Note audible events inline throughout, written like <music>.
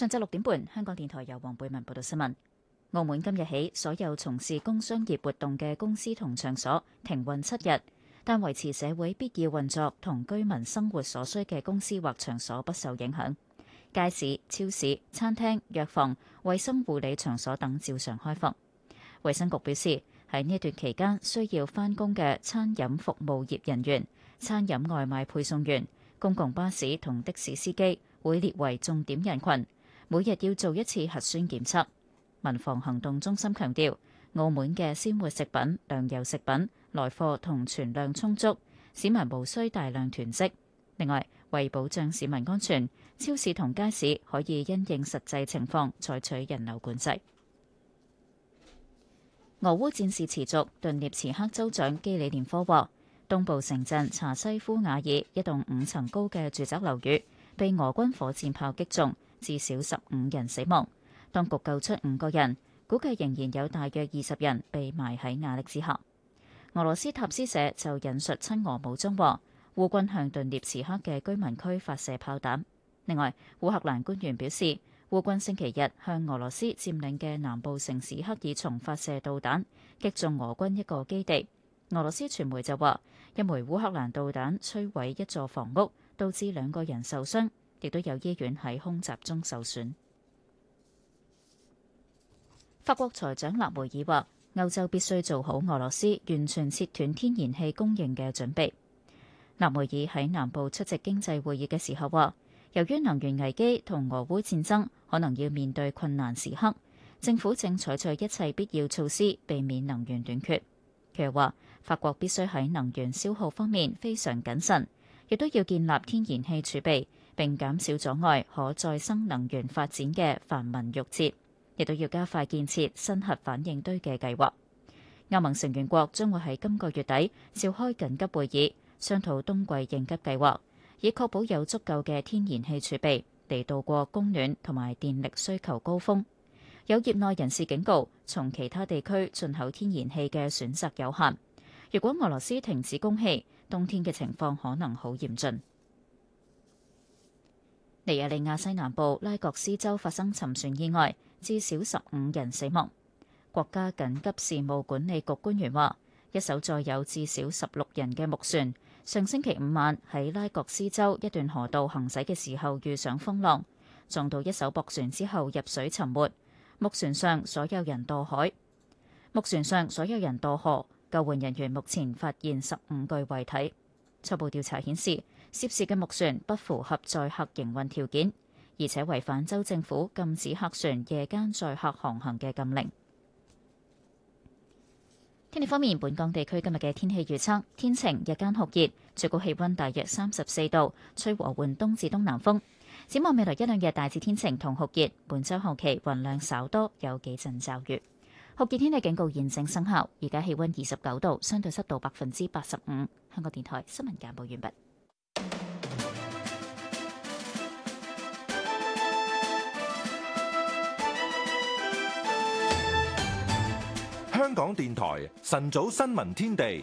上晝六點半，香港電台由黃貝文報道新聞。澳門今日起，所有從事工商業活動嘅公司同場所停運七日，但維持社會必要運作同居民生活所需嘅公司或場所不受影響。街市、超市、餐廳、藥房、衞生護理場所等照常開放。衛生局表示，喺呢一段期間需要返工嘅餐飲服務業人員、餐飲外賣配送員、公共巴士同的士司機會列為重點人群。每日要做一次核酸檢測，民防行動中心強調，澳門嘅鮮活食品、糧油食品來貨同存量充足，市民無需大量囤積。另外，為保障市民安全，超市同街市可以因應實際情況採取人流管制。俄烏戰事持續，頓涅茨克州長基里連科話：東部城鎮查西夫瓦爾一棟五層高嘅住宅樓宇被俄軍火箭炮擊中。至少十五人死亡，當局救出五個人，估計仍然有大約二十人被埋喺瓦礫之下。俄羅斯塔斯社就引述親俄武裝話，烏軍向頓涅茨克嘅居民區發射炮彈。另外，烏克蘭官員表示，烏軍星期日向俄羅斯佔領嘅南部城市克爾松發射導彈，擊中俄軍一個基地。俄羅斯傳媒就話，一枚烏克蘭導彈摧毀一座房屋，導致兩個人受傷。亦都有醫院喺空襲中受損。法國財長納梅爾話，歐洲必須做好俄羅斯完全切斷天然氣供應嘅準備。納梅爾喺南部出席經濟會議嘅時候話，由於能源危機同俄烏戰爭，可能要面對困難時刻，政府正採取一切必要措施避免能源短缺。佢又話，法國必須喺能源消耗方面非常謹慎，亦都要建立天然氣儲備。並減少阻礙可再生能源發展嘅繁文縟節，亦都要加快建設新核反應堆嘅計劃。歐盟成員國將會喺今個月底召開緊急會議，商討冬季應急計劃，以確保有足夠嘅天然氣儲備，嚟度過供暖同埋電力需求高峰。有業內人士警告，從其他地區進口天然氣嘅選擇有限。如果俄羅斯停止供氣，冬天嘅情況可能好嚴峻。尼日利亞西南部拉各斯州發生沉船意外，至少十五人死亡。國家緊急事務管理局官員話：一艘載有至少十六人嘅木船，上星期五晚喺拉各斯州一段河道行駛嘅時候遇上風浪，撞到一艘駁船之後入水沉沒。木船上所有人墮海。木船上所有人墮河。救援人員目前發現十五具遺體。初步調查顯示，涉事嘅木船不符合載客營運條件，而且違反州政府禁止客船夜間載客航行嘅禁令。天氣方面，本港地區今日嘅天氣預測：天晴，日間酷熱，最高氣溫大約三十四度，吹和緩東至東南風。展望未來一兩日，大致天晴同酷熱。本週後期雲量稍多，有幾陣驟雨。酷熱天氣警告現正生效。而家氣溫二十九度，相對濕度百分之八十五。香港電台新聞簡報完畢。香港電台晨早新聞天地，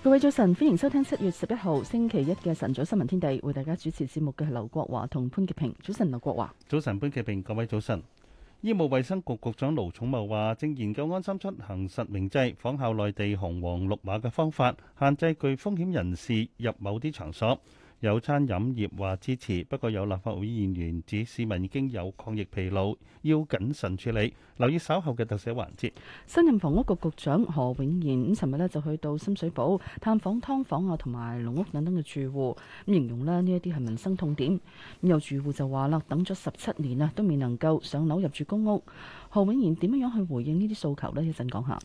各位早晨，歡迎收聽七月十一號星期一嘅晨早新聞天地。為大家主持節目嘅係劉國華同潘潔平。早晨，劉國華。早晨，潘潔平。各位早晨。醫務衛生局局長盧寵茂話，正研究安心出行實名制仿效內地紅黃綠碼嘅方法，限制具風險人士入某啲場所。有餐飲業話支持，不過有立法會議員指市民已經有抗疫疲勞，要謹慎處理，留意稍後嘅特寫環節。新任房屋局局長何永賢咁，尋日咧就去到深水埗探訪劏房啊，同埋農屋等等嘅住戶咁，形容咧呢一啲係民生痛點。咁有住戶就話啦，等咗十七年啊，都未能夠上樓入住公屋。何永賢點樣樣去回應呢啲訴求咧？一陣講下。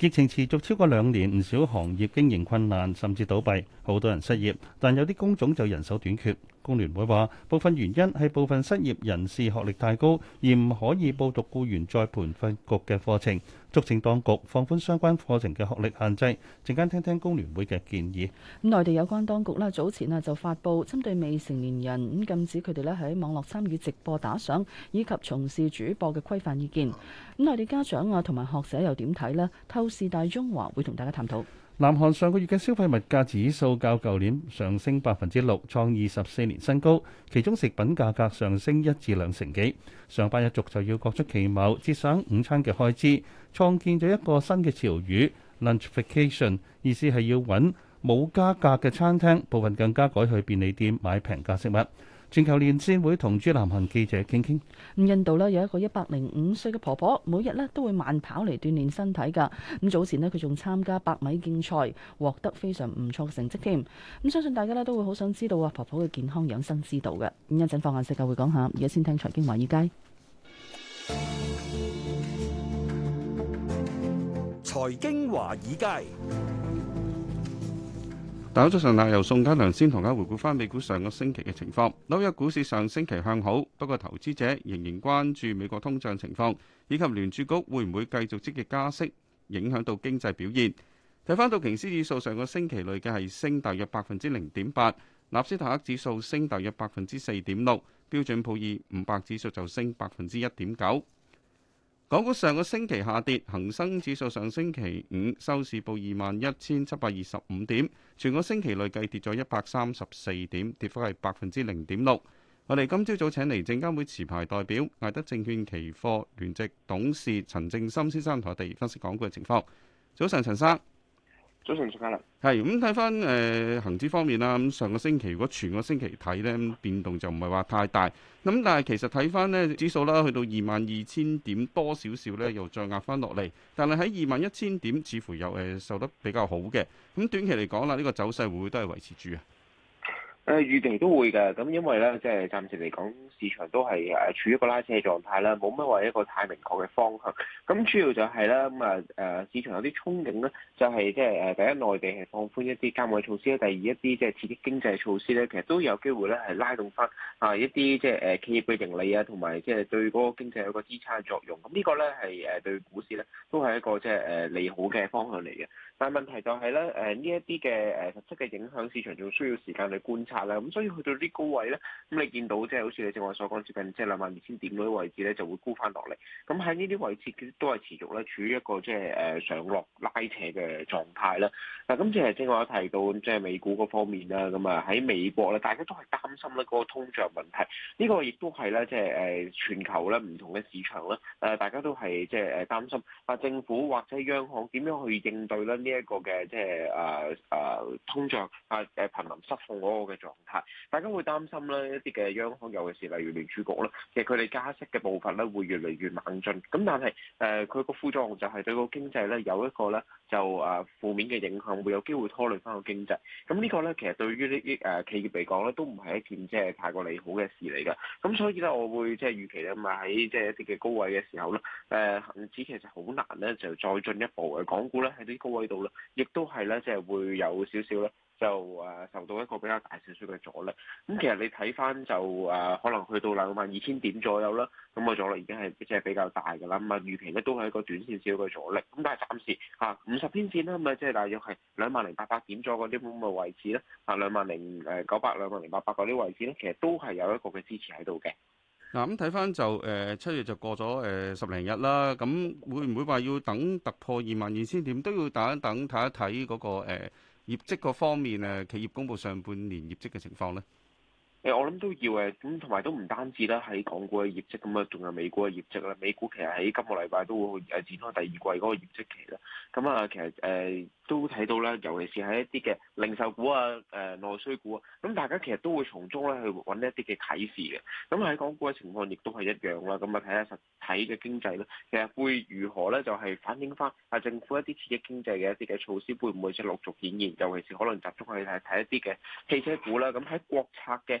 疫情持續超過兩年，唔少行業經營困難，甚至倒閉，好多人失業，但有啲工種就人手短缺。工聯會話：部分原因係部分失業人士學歷太高，而唔可以報讀僱員再培訓局嘅課程，促請當局放寬相關課程嘅學歷限制。陣間聽聽工聯會嘅建議。咁內地有關當局呢，早前啊就發佈針對未成年人咁禁止佢哋呢喺網絡參與直播打賞以及從事主播嘅規範意見。咁內地家長啊同埋學者又點睇呢？《透視大中華》會同大家探討。南韓上個月嘅消費物價指數較舊年上升百分之六，創二十四年新高。其中食品價格上升一至兩成幾。上班一族就要各出奇謀，節省午餐嘅開支，創建咗一個新嘅潮語 lunch vacation，意思係要揾冇加價嘅餐廳，部分更加改去便利店買平價食物。全球連線會同朱南恒記者傾傾。印度咧有一個一百零五歲嘅婆婆，每日咧都會慢跑嚟鍛煉身體噶。咁早前咧佢仲參加百米競賽，獲得非常唔錯嘅成績添。咁、嗯、相信大家咧都會好想知道啊，婆婆嘅健康養生之道嘅。咁一陣放眼世界會講下，而家先聽財經華爾街。財經華爾街。大家早晨啊！由宋嘉良先同大家回顧翻美股上個星期嘅情況。紐約股市上星期向好，不過投資者仍然關注美國通脹情況，以及聯儲局會唔會繼續積極加息，影響到經濟表現。睇翻道瓊斯指數上個星期內嘅係升大約百分之零點八，納斯達克指數升大約百分之四點六，標準普爾五百指數就升百分之一點九。港股上個星期下跌，恒生指數上星期五收市報二萬一千七百二十五點，全個星期累計跌咗一百三十四點，跌幅係百分之零點六。我哋今朝早，早請嚟證監會持牌代表，艾德證券期貨聯席董事陳正森先生同我哋分析港股嘅情況。早晨，陳生。早上陳家樂。係，咁睇翻誒恒指方面啦，咁上個星期如果全個星期睇咧，變動就唔係話太大。咁但係其實睇翻咧指數啦，去到二萬二千點多少少咧，又再壓翻落嚟。但係喺二萬一千點，似乎又誒受得比較好嘅。咁短期嚟講啦，呢個走勢會唔會都係維持住啊？誒預期都會嘅，咁因為咧，即係暫時嚟講，市場都係誒處於一個拉扯嘅狀態啦，冇乜話一個太明確嘅方向。咁主要就係啦，咁啊誒，市場有啲憧憬咧，就係即係誒，第一內地係放寬一啲監管措施咧，第二一啲即係刺激經濟措施咧，其實都有機會咧係拉動翻啊一啲即係誒企業嘅盈利啊，同埋即係對嗰個經濟有一個支撐嘅作用。咁呢個咧係誒對股市咧都係一個即係誒利好嘅方向嚟嘅。但問題就係、是、咧，誒呢一啲嘅誒實質嘅影響，市場仲需要時間去觀察啦。咁所以去到呢高位咧，咁你見到即係、就是、好似你正話所講接近即係兩萬二千點嗰啲位置咧，就會沽翻落嚟。咁喺呢啲位置，其實都係持續咧處於一個即係誒上落拉扯嘅狀態啦。咁即係正話提到，即、就、係、是、美股嗰方面啦，咁啊喺美國咧，大家都係擔心咧嗰個通脹問題。呢、這個亦都係咧，即係誒全球咧唔同嘅市場咧，誒大家都係即係誒擔心。啊，政府或者央行點樣去應對咧呢？一個嘅即係誒誒通脹啊誒瀕臨失控嗰個嘅狀態，大家會擔心咧一啲嘅央行有事，尤其是例如聯儲局咧，其實佢哋加息嘅步伐咧會越嚟越猛進，咁但係誒佢個副作用就係對個經濟咧有一個咧就誒、啊、負面嘅影響，會有機會拖累翻個經濟。咁呢個咧其實對於呢啲誒企業嚟講咧都唔係一件即係太過利好嘅事嚟㗎。咁所以咧我會即係預期咧咪喺即係一啲嘅高位嘅時候咧，誒恆指其實好難咧就再進一步嘅。港股咧喺啲高位，亦都係咧，即係會有少少咧，就誒受到一個比較大少少嘅阻力。咁其實你睇翻就誒，可能去到兩萬二千點左右啦，咁個阻力已經係即係比較大嘅啦。咁啊預期咧都係一個短線少嘅阻力。咁但係暫時嚇五十天線啦，咁啊即係大約係兩萬零八百點左右嗰啲咁嘅位置咧，啊兩萬零誒九百、兩萬零八百嗰啲位置咧，其實都係有一個嘅支持喺度嘅。嗱，咁睇返就誒七、呃、月就過咗誒十零日啦，咁會唔會話要等突破二萬二千點？都要等一等睇一睇嗰個誒、呃、業績嗰方面誒企業公布上半年業績嘅情況咧。誒，我諗都要誒，咁同埋都唔單止啦，喺港股嘅業績咁啊，仲有美股嘅業績啦。美股其實喺今個禮拜都會展開第二季嗰個業績期啦。咁啊，其實誒都睇到啦，尤其是喺一啲嘅零售股啊、誒內需股啊，咁大家其實都會從中咧去揾一啲嘅啟示嘅。咁喺港股嘅情況亦都係一樣啦。咁啊，睇下實體嘅經濟咧，其實會如何咧？就係反映翻啊，政府一啲刺激經濟嘅一啲嘅措施會唔會再陸續演現？尤其是可能集中去睇一啲嘅汽車股啦。咁喺國策嘅。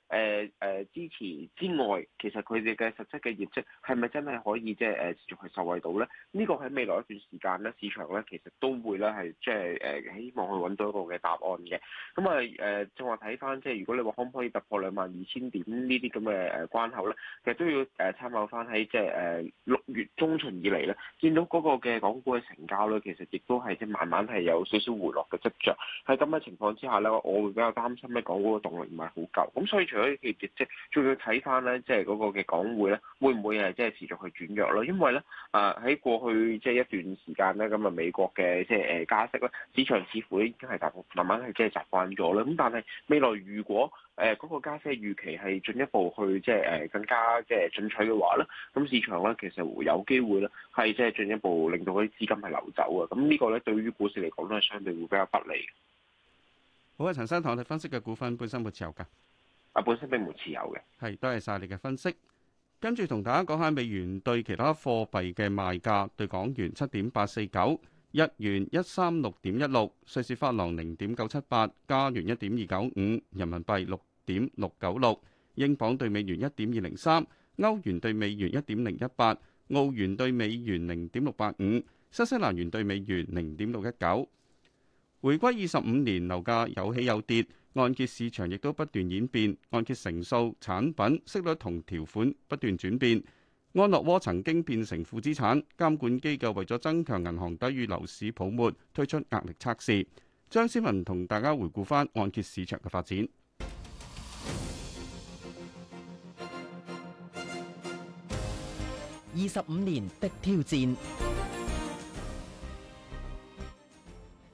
誒誒、呃呃、支持之外，其實佢哋嘅實質嘅業績係咪真係可以即係誒持續去受惠到咧？呢、呢個喺未來一段時間咧，市場咧其實都會咧係即係誒希望去揾到一個嘅答案嘅。咁啊誒，就話睇翻即係如果你話可唔可以突破兩萬二千點呢啲咁嘅誒關口咧，其實都要誒參考翻喺即係誒六月中旬以嚟咧，見到嗰個嘅港股嘅成交率其實亦都係即係慢慢係有少少回落嘅跡象。喺咁嘅情況之下咧，我會比較擔心咧港股嘅動力唔係好夠。咁所以除咗所以亦即係，仲要睇翻咧，即係嗰個嘅港匯咧，會唔會係即係持續去轉弱咯？因為咧，啊喺過去即係一段時間咧，咁啊美國嘅即係誒加息咧，市場似乎咧已經係慢慢係即係習慣咗啦。咁但係未來如果誒嗰個加息預期係進一步去即係誒更加即係進取嘅話咧，咁市場咧其實會有機會咧係即係進一步令到嗰啲資金係流走啊。咁呢個咧對於股市嚟講咧，相對會比較不利。好啊，陳生同我哋分析嘅股份本身冇持有㗎。啊，本身並冇持有嘅。係，多謝晒你嘅分析。跟住同大家講下美元對其他貨幣嘅賣價，對港元七點八四九，日元一三六點一六，瑞士法郎零點九七八，加元一點二九五，人民幣六點六九六，英鎊對美元一點二零三，歐元對美元一點零一八，澳元對美元零點六八五，新西蘭元對美元零點六一九。回歸二十五年，樓價有起有跌，按揭市場亦都不斷演變，按揭成數、產品、息率同條款不斷轉變。安樂窩曾經變成負資產，監管機構為咗增強銀行抵禦樓市泡沫，推出壓力測試。張思文同大家回顧翻按揭市場嘅發展。二十五年的挑戰。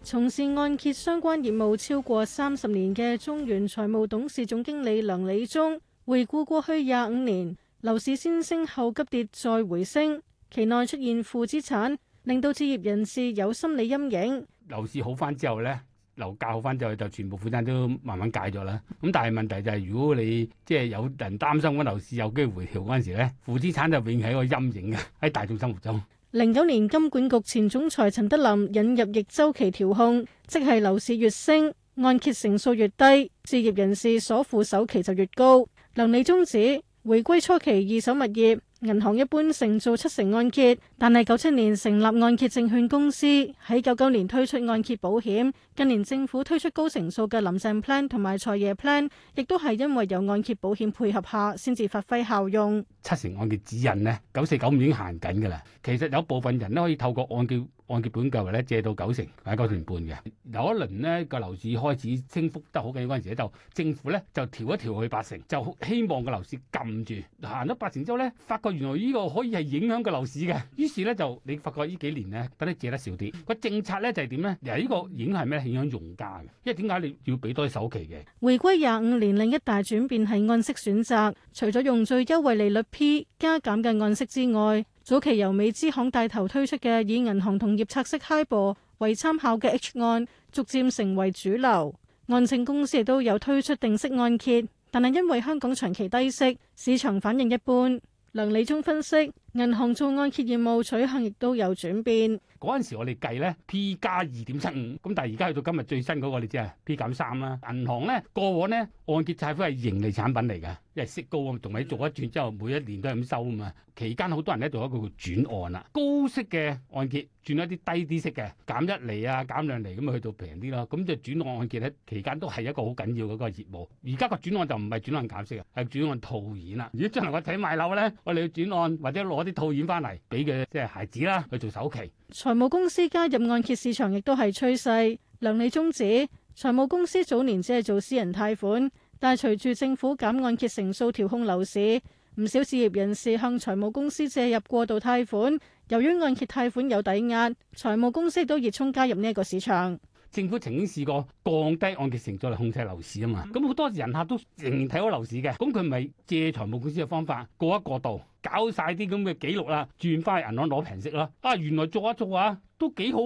從事按揭相關業務超過三十年嘅中原財務董事總經理梁李忠回顧過去廿五年樓市先升後急跌再回升，期內出現負資產，令到置業人士有心理陰影。樓市好翻之後呢，樓價好翻之後就全部負債都慢慢解咗啦。咁但係問題就係、是、如果你即係、就是、有人擔心嗰樓市有機會回調嗰陣時咧，負資產就永遠喺個陰影嘅喺大眾生活中。零九年金管局前總裁陳德霖引入逆周期調控，即係樓市越升，按揭成數越低，置業人士所付首期就越高。梁利忠指回歸初期二手物業。銀行一般承做七成按揭，但係九七年成立按揭證券公司，喺九九年推出按揭保險。近年政府推出高成數嘅林鄭 plan 同埋財爺 plan，亦都係因為有按揭保險配合下，先至發揮效用。七成按揭指引咧，九四九五已經行緊噶啦。其實有部分人都可以透過按揭。按揭本舊嚟咧，借到九成，或者九成半嘅。有一輪呢個樓市開始升幅得好緊要嗰陣時咧，就政府咧就調一調去八成，就希望個樓市撳住行咗八成之後咧，發覺原來呢個可以係影響個樓市嘅。於是咧就你發覺呢幾年咧，等你借得少啲。個政策咧就係點咧？嗱，呢個影響係咩？影響用家嘅，因為點解你要俾多啲首期嘅？回歸廿五年另一大轉變係按息選擇，除咗用最優惠利率 P 加減嘅按息之外。早期由美資行帶頭推出嘅以銀行同業拆息 HIBOR 為參考嘅 H 案，逐漸成為主流。按證公司亦都有推出定息按揭，但係因為香港長期低息，市場反應一般。梁理忠分析。銀行做按揭業務取向亦都有轉變。嗰陣時我哋計咧 P 加二點七五，咁但係而家去到今日最新嗰個你知 P 啊 P 減三啦。銀行咧過往咧按揭貸款係盈利產品嚟嘅，因為息高啊，同你做一轉之後每一年都係咁收啊嘛。期間好多人咧做一個轉按啦，高息嘅按揭轉一啲低啲息嘅，減一厘啊，減兩厘咁啊去到平啲咯。咁就轉按按揭喺期間都係一個好緊要嗰個業務。而家個轉按就唔係轉按減息啊，係轉按套現啦。如果真係我睇買樓咧，我哋要轉按或者攞。啲套現翻嚟俾嘅即係孩子啦去做首期。財務公司加入按揭市場亦都係趨勢。梁利忠指，財務公司早年只係做私人貸款，但係隨住政府減按揭成數調控樓市，唔少事業人士向財務公司借入過度貸款。由於按揭貸款有抵押，財務公司都熱衷加入呢一個市場。政府曾經試過降低按揭成數嚟控制樓市啊嘛，咁好多人客都仍然睇好樓市嘅，咁佢咪借財務公司嘅方法過一過度。搞晒啲咁嘅記錄啦，轉翻去銀行攞平息咯。啊，原來做一做下都幾好，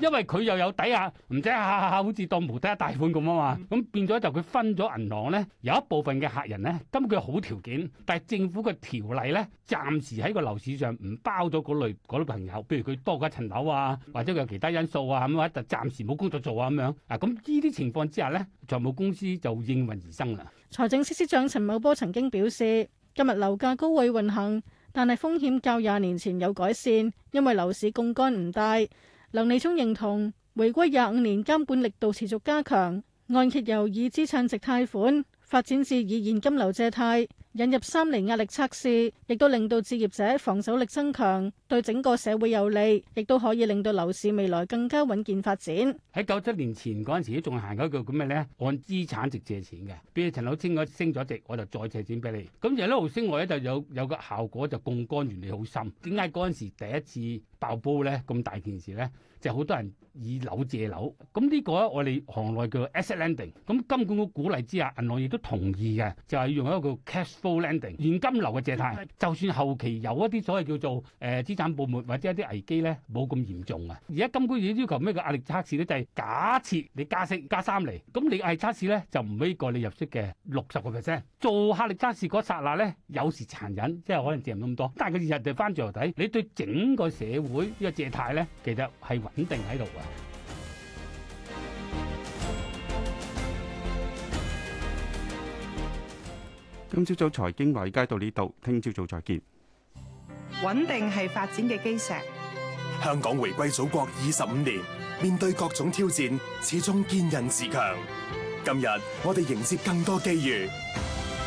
因為佢又有抵押，唔使下下下好似當無抵押貸款咁啊嘛。咁變咗就佢分咗銀行咧，有一部分嘅客人咧，根本好條件，但係政府嘅條例咧，暫時喺個樓市上唔包咗嗰類啲朋友，譬如佢多咗一層樓啊，或者有其他因素啊，係咪？就暫時冇工作做啊咁樣。啊，咁呢啲情況之下咧，財務公司就應運而生啦。財政司司長陳茂波曾經表示。今日樓價高位運行，但係風險較廿年前有改善，因為樓市槓桿唔大。梁利聰認同，回歸廿五年監管力度持續加強，按揭由以資產值貸款。發展至以現金流借貸，引入三年壓力測試，亦都令到置業者防守力增強，對整個社會有利，亦都可以令到樓市未來更加穩健發展。喺九七年前嗰陣時，仲行嗰句叫咩咧？按資產值借錢嘅，比如陳老清嗰升咗值，我就再借錢俾你。咁而呢度升我咧，就有有個效果就槓桿原理好深。點解嗰陣時第一次爆煲咧？咁大件事咧，就好多人。以樓借樓，咁呢個咧我哋行內叫 asset lending。咁金管局鼓勵之下，銀行亦都同意嘅，就係用一個叫 cash flow lending 現金流嘅借貸。就算後期有一啲所謂叫做誒資產泡沫或者一啲危機咧，冇咁嚴重啊。而家金管局要求咩叫壓力測試咧？就係假設你加息加三厘，咁你壓力測試咧就唔可以過你入息嘅六十個 percent。做壓力測試嗰剎那咧，有時殘忍，即係可能借唔到咁多，但係佢日日返轉頭睇。你對整個社會呢個借貸咧，其實係穩定喺度嘅。今朝早財經華街到呢度，聽朝早再見。穩定係發展嘅基石。香港回歸祖國二十五年，面對各種挑戰，始終堅韌自強。今日我哋迎接更多機遇，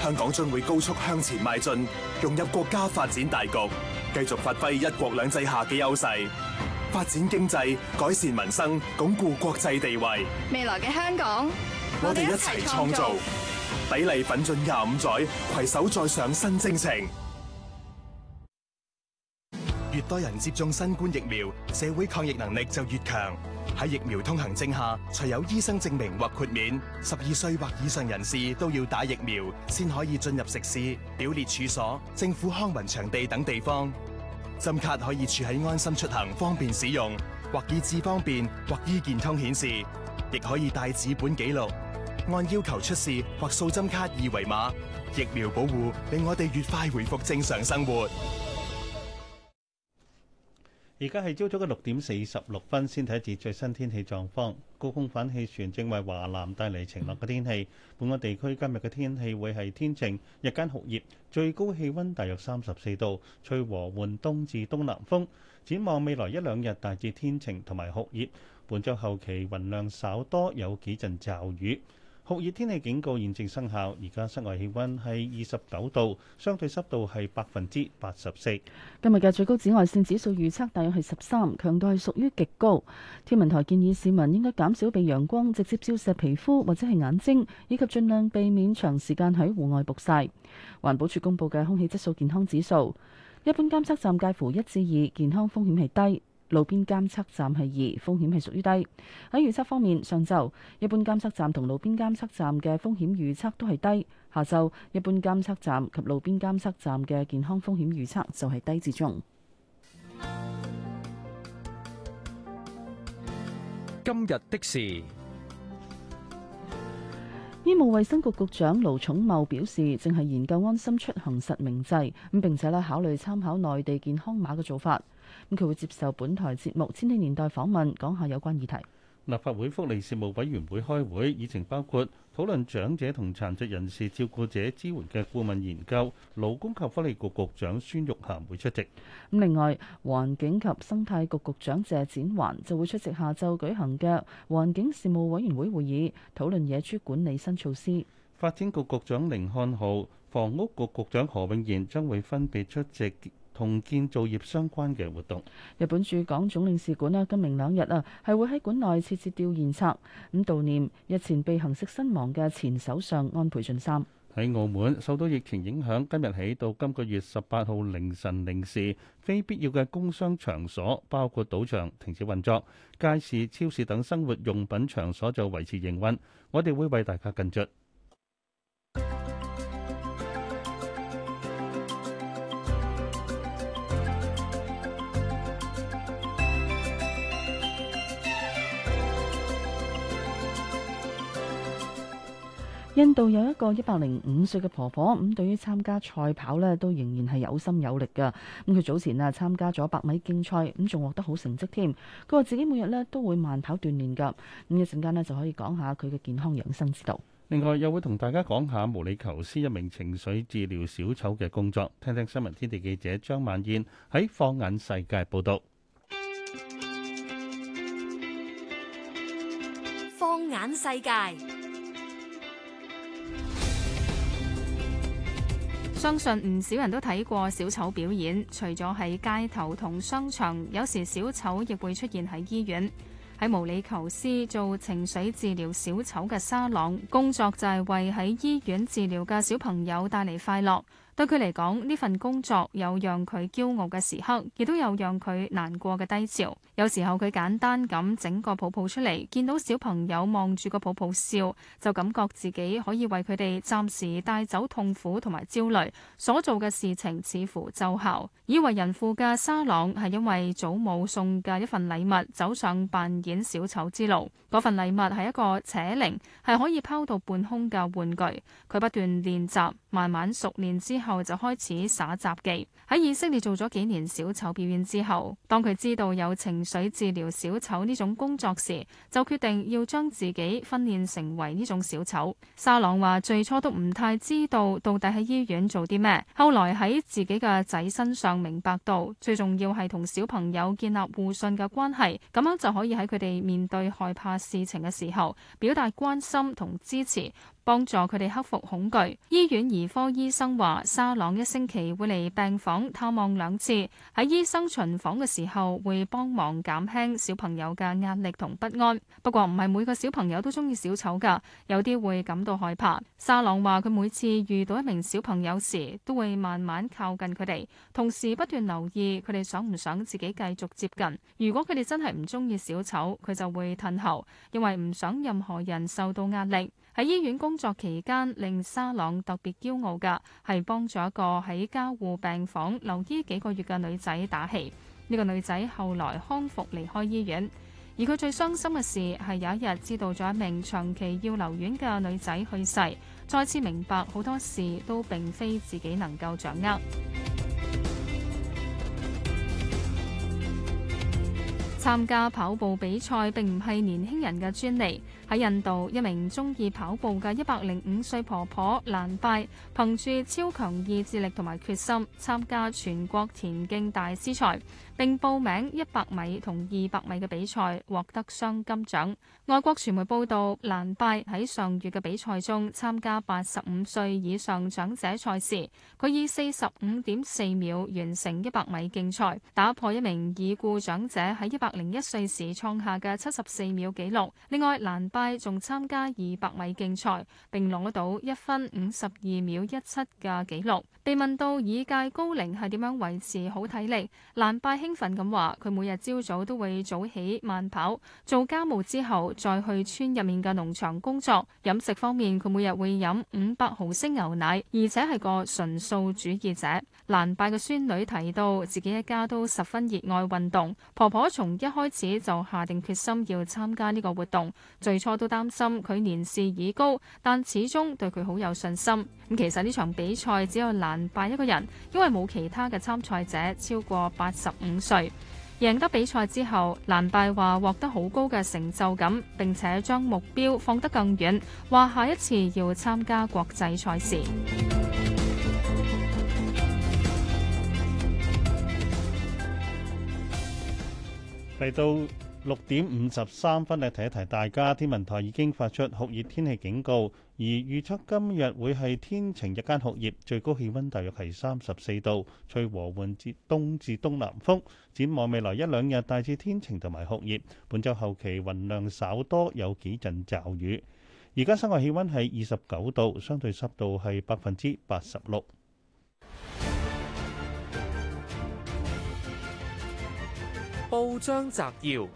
香港將會高速向前邁進，融入國家發展大局，繼續發揮一國兩制下嘅優勢，發展經濟，改善民生，鞏固國際地位。未來嘅香港，我哋一齊創造。砥礪奮進廿五載，攜手再上新征程。越多人接種新冠疫苗，社會抗疫能力就越強。喺疫苗通行證下，除有醫生證明或豁免，十二歲或以上人士都要打疫苗，先可以進入食肆、表列處所、政府康文場地等地方。針卡可以儲喺安心出行，方便使用，或以智方便或醫健通顯示，亦可以帶紙本記錄。按要求出示或掃針卡二維碼，疫苗保護令我哋愈快回復正常生活。而家係朝早嘅六點四十六分，先睇一節最新天氣狀況。高空反氣旋正為華南帶嚟晴朗嘅天氣。本港地區今日嘅天氣會係天晴，日間酷熱，最高氣溫大約三十四度，吹和緩東至東南風。展望未來一兩日，大致天晴同埋酷熱。本周後期雲量稍多，有幾陣驟雨。酷熱天氣警告現正生效，而家室外氣溫係二十九度，相對濕度係百分之八十四。今日嘅最高紫外綫指數預測大約係十三，強度係屬於極高。天文台建議市民應該減少被陽光直接照射皮膚或者係眼睛，以及盡量避免長時間喺戶外曝曬。環保署公布嘅空氣質素健康指數，一般監測站介乎一至二，健康風險係低。路邊監測站係二，風險係屬於低。喺預測方面，上晝一般監測站同路邊監測站嘅風險預測都係低，下晝一般監測站及路邊監測站嘅健康風險預測就係低至中。今日的事，醫務衛生局局，局長盧寵茂表示，正係研究安心出行實名制咁，並且咧考慮參考內地健康碼嘅做法。佢會接受本台節目《千禧年代》訪問，講下有關議題。立法會福利事務委員會開會，議程包括討論長者同殘疾人士照顧者支援嘅顧問研究。勞工及福利局局長孫玉菡會出席。咁另外，環境及生態局局長謝展寰就會出席下晝舉行嘅環境事務委員會會議，討論野豬管理新措施。發展局局長甯漢豪、房屋局局長何永賢將會分別出席。同建造業相關嘅活動。日本駐港總領事館啦，今明兩日啊，係會喺館內設置吊唁冊，咁悼念日前被行刺身亡嘅前首相安倍晉三。喺澳門受到疫情影響，今日起到今個月十八號凌晨零時，非必要嘅工商場所，包括賭場，停止運作；街市、超市等生活用品場所就維持營運。我哋會為大家跟進。印度有一個一百零五歲嘅婆婆，咁對於參加賽跑咧，都仍然係有心有力噶。咁佢早前啊，參加咗百米競賽，咁仲獲得好成績添。佢話自己每日咧都會慢跑鍛煉噶。咁一陣間咧就可以講下佢嘅健康養生之道。另外又會同大家講下毛里求斯一名情緒治療小丑嘅工作，聽聽新聞天地記者張曼燕喺《放眼世界》報道。放眼世界。相信唔少人都睇過小丑表演，除咗喺街頭同商場，有時小丑亦會出現喺醫院。喺毛里求斯做情緒治療小丑嘅沙朗，工作就係為喺醫院治療嘅小朋友帶嚟快樂。對佢嚟講，呢份工作有讓佢驕傲嘅時刻，亦都有讓佢難過嘅低潮。有時候佢簡單咁整個泡泡出嚟，見到小朋友望住個泡泡笑，就感覺自己可以為佢哋暫時帶走痛苦同埋焦慮。所做嘅事情似乎奏效。以為人父嘅沙朗係因為祖母送嘅一份禮物走上扮演小丑之路。嗰份禮物係一個扯鈴，係可以拋到半空嘅玩具。佢不斷練習，慢慢熟練之後。後就開始耍雜技。喺以色列做咗幾年小丑表演之後，當佢知道有情緒治療小丑呢種工作時，就決定要將自己訓練成為呢種小丑。沙朗話：最初都唔太知道到底喺醫院做啲咩，後來喺自己嘅仔身上明白到，最重要係同小朋友建立互信嘅關係，咁樣就可以喺佢哋面對害怕事情嘅時候，表達關心同支持。幫助佢哋克服恐懼。醫院兒科醫生話，沙朗一星期會嚟病房探望兩次。喺醫生巡房嘅時候，會幫忙減輕小朋友嘅壓力同不安。不過唔係每個小朋友都中意小丑㗎，有啲會感到害怕。沙朗話，佢每次遇到一名小朋友時，都會慢慢靠近佢哋，同時不斷留意佢哋想唔想自己繼續接近。如果佢哋真係唔中意小丑，佢就會褪後，因為唔想任何人受到壓力。喺醫院工作期間，令沙朗特別驕傲嘅係幫咗一個喺加護病房留醫幾個月嘅女仔打氣。呢個女仔後來康復離開醫院，而佢最傷心嘅事係有一日知道咗一名長期要留院嘅女仔去世，再次明白好多事都並非自己能夠掌握。參加跑步比賽並唔係年輕人嘅專利。喺印度，一名中意跑步嘅一百零五歲婆婆蘭拜，憑住超強意志力同埋決心，參加全國田徑大師賽，並報名一百米同二百米嘅比賽，獲得雙金獎。外國傳媒報道，蘭拜喺上月嘅比賽中參加八十五歲以上長者賽事，佢以四十五點四秒完成一百米競賽，打破一名已故長者喺一百零一歲時創下嘅七十四秒紀錄，另外，蘭拜，仲參加二百米競賽，並攞到一分五十二秒一七嘅紀錄。被問到以屆高齡係點樣維持好體力，蘭拜興奮咁話：佢每日朝早都會早起慢跑，做家務之後再去村入面嘅農場工作。飲食方面，佢每日會飲五百毫升牛奶，而且係個純素主義者。蘭拜嘅孫女提到，自己一家都十分熱愛運動。婆婆從一開始就下定決心要參加呢個活動，最初我都擔心佢年事已高，但始終對佢好有信心。咁其實呢場比賽只有蘭拜一個人，因為冇其他嘅參賽者，超過八十五歲。贏得比賽之後，蘭拜話獲得好高嘅成就感，並且將目標放得更遠，話下一次要參加國際賽事。嚟到。六點五十三分，嚟提一提大家，天文台已經發出酷熱天氣警告，而預測今日會係天晴日間酷熱，最高氣温大約係三十四度，吹和緩至東至東南風。展望未來一兩日，大致天晴同埋酷熱。本週後期雲量稍多，有幾陣驟雨。而家室外氣温係二十九度，相對濕度係百分之八十六。報章摘要。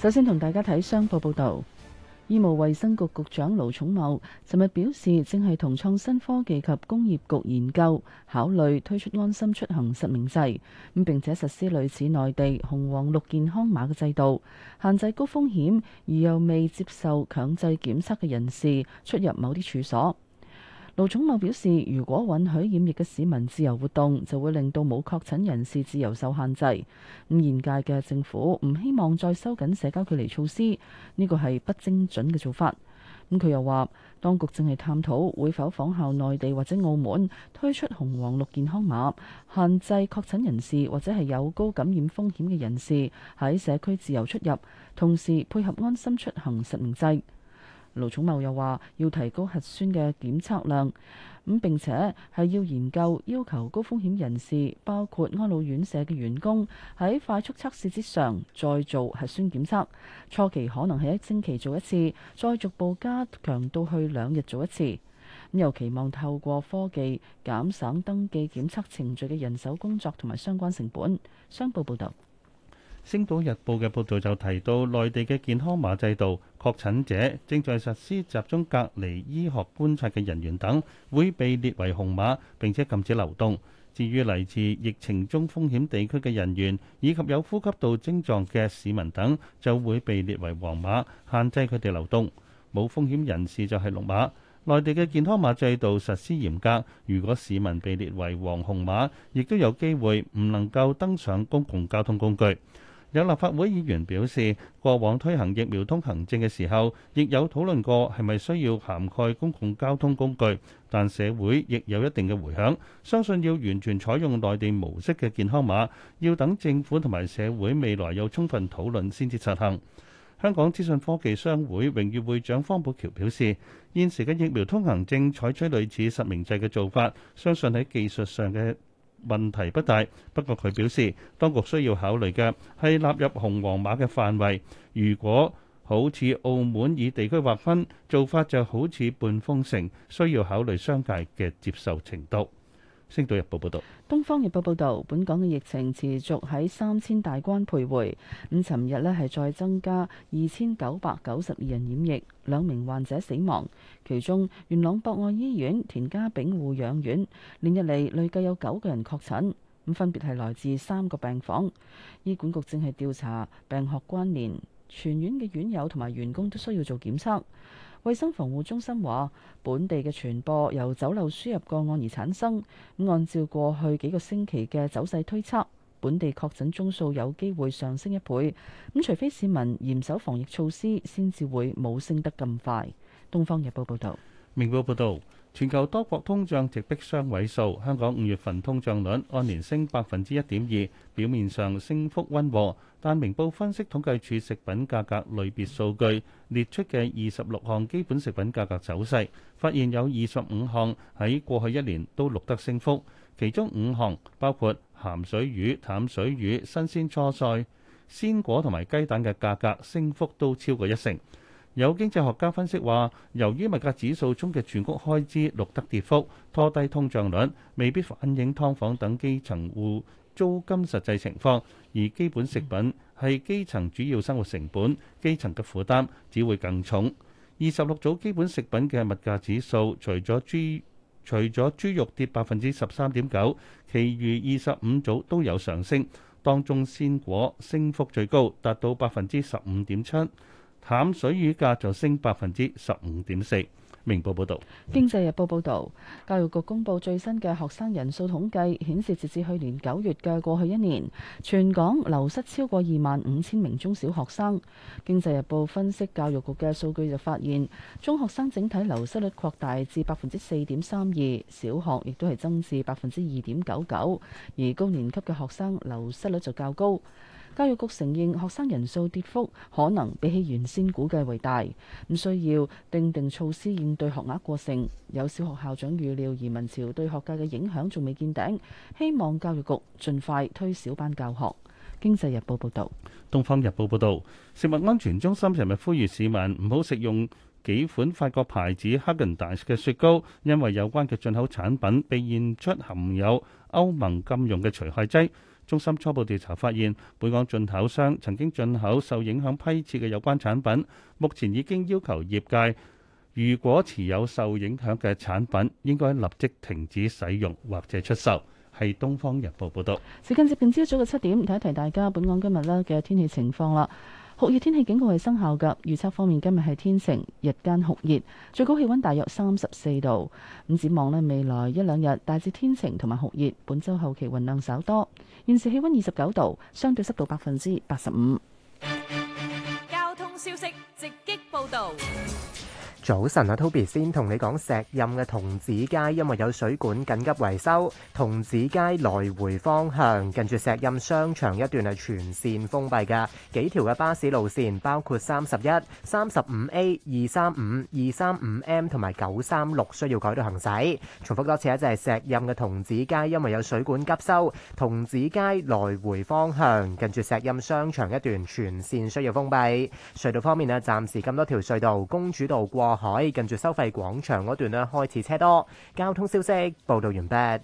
首先同大家睇商報報道，醫務衛生局局長盧寵茂尋日表示，正係同創新科技及工業局研究考慮推出安心出行實名制，並且實施類似內地紅黃綠健康碼嘅制度，限制高風險而又未接受強制檢測嘅人士出入某啲處所。盧寵茂表示，如果允許染疫嘅市民自由活動，就會令到冇確診人士自由受限制。咁現屆嘅政府唔希望再收緊社交距離措施，呢個係不精準嘅做法。咁佢又話，當局正係探討會否仿效內地或者澳門推出紅黃綠健康碼，限制確診人士或者係有高感染風險嘅人士喺社區自由出入，同時配合安心出行實名制。盧寵茂又話：要提高核酸嘅檢測量，咁並且係要研究要求高風險人士，包括安老院舍嘅員工，喺快速測試之上再做核酸檢測。初期可能係一星期做一次，再逐步加強到去兩日做一次。咁又期望透過科技減省登記檢測程序嘅人手工作同埋相關成本。商報報道。《星島日報》嘅報導就提到，內地嘅健康碼制度，確診者、正在實施集中隔離、醫學觀察嘅人員等，會被列為紅碼，並且禁止流動。至於嚟自疫情中風險地區嘅人員，以及有呼吸道症狀嘅市民等，就會被列為黃碼，限制佢哋流動。冇風險人士就係綠碼。內地嘅健康碼制度實施嚴格，如果市民被列為黃紅碼，亦都有機會唔能夠登上公共交通工具。有立法會議員表示，過往推行疫苗通行證嘅時候，亦有討論過係咪需要涵蓋公共交通工具，但社會亦有一定嘅回響。相信要完全採用內地模式嘅健康碼，要等政府同埋社會未來有充分討論先至實行。香港資訊科技商會榮譽會長方保僑表示，現時嘅疫苗通行證採取類似實名制嘅做法，相信喺技術上嘅問題不大，不過佢表示，當局需要考慮嘅係納入紅黃碼嘅範圍。如果好似澳門以地區劃分，做法就好似半封城，需要考慮商界嘅接受程度。星島日報報道，東方日報報道，本港嘅疫情持續喺三千大關徘徊。咁尋日呢係再增加二千九百九十二人染疫，兩名患者死亡。其中元朗博愛醫院、田家炳護養院連日嚟，累計有九個人確診，咁分別係來自三個病房。醫管局正係調查病學關聯，全院嘅院友同埋員工都需要做檢測。衛生防護中心話，本地嘅傳播由酒樓輸入個案而產生。咁按照過去幾個星期嘅走勢推測，本地確診宗數有機會上升一倍。咁除非市民嚴守防疫措施，先至會冇升得咁快。東方日報報道。明報報道。全球多國通脹直逼雙位數，香港五月份通脹率按年升百分之一點二，表面上升幅溫和，但明報分析統計處食品價格類別數據，列出嘅二十六項基本食品價格走勢，發現有二十五項喺過去一年都錄得升幅，其中五項包括鹹水魚、淡水魚、新鮮蔬菜、鮮果同埋雞蛋嘅價格升幅都超過一成。有經濟學家分析話，由於物價指數中嘅全國開支錄得跌幅，拖低通脹率，未必反映劏房等基層戶租金實際情況。而基本食品係基層主要生活成本，基層嘅負擔只會更重。二十六組基本食品嘅物價指數，除咗豬除咗豬肉跌百分之十三點九，其餘二十五組都有上升。當中鮮果升幅最高，達到百分之十五點七。淡水魚價就升百分之十五點四。明報報道，經濟日報報道，教育局公布最新嘅學生人數統計顯示，截至去年九月嘅過去一年，全港流失超過二萬五千名中小學生。經濟日報分析教育局嘅數據就發現，中學生整體流失率擴大至百分之四點三二，小學亦都係增至百分之二點九九，而高年級嘅學生流失率就較高。教育局承認學生人數跌幅，可能比起原先估計為大，唔需要訂定措施應對學額過剩。有小學校長預料移民潮對學界嘅影響仲未見頂，希望教育局盡快推小班教學。經濟日報報道，東方日報報道，食物安全中心尋日呼籲市民唔好食用幾款法國牌子 Häagen-Dazs 嘅雪糕，因為有關嘅進口產品被驗出含有歐盟禁用嘅除害劑。中心初步調查發現，本港進口商曾經進口受影響批次嘅有關產品，目前已經要求業界，如果持有受影響嘅產品，應該立即停止使用或者出售。係《東方日報》報道。時間接近朝早嘅七點，唔提一提大家本港今日咧嘅天氣情況啦。酷熱天氣警告係生效噶。預測方面，今日係天晴，日間酷熱，最高氣溫大約三十四度。咁展望咧，未來一兩日大致天晴同埋酷熱。本周後期雲量稍多。現時氣溫二十九度，相對濕度百分之八十五。交通消息直擊報道。早晨啊，Toby 先同你講，石蔭嘅童子街因為有水管緊急維修，童子街來回方向近住石蔭商場一段係全線封閉嘅，幾條嘅巴士路線包括三十一、三十五 A、二三五、二三五 M 同埋九三六需要改道行駛。重複多次啊，就係石蔭嘅童子街因為有水管急修，童子街來回方向近住石蔭商場一段全線需要封閉。隧道方面啊，暫時咁多條隧道，公主道過過海，跟住收費廣場嗰段咧開始車多。交通消息報道完畢。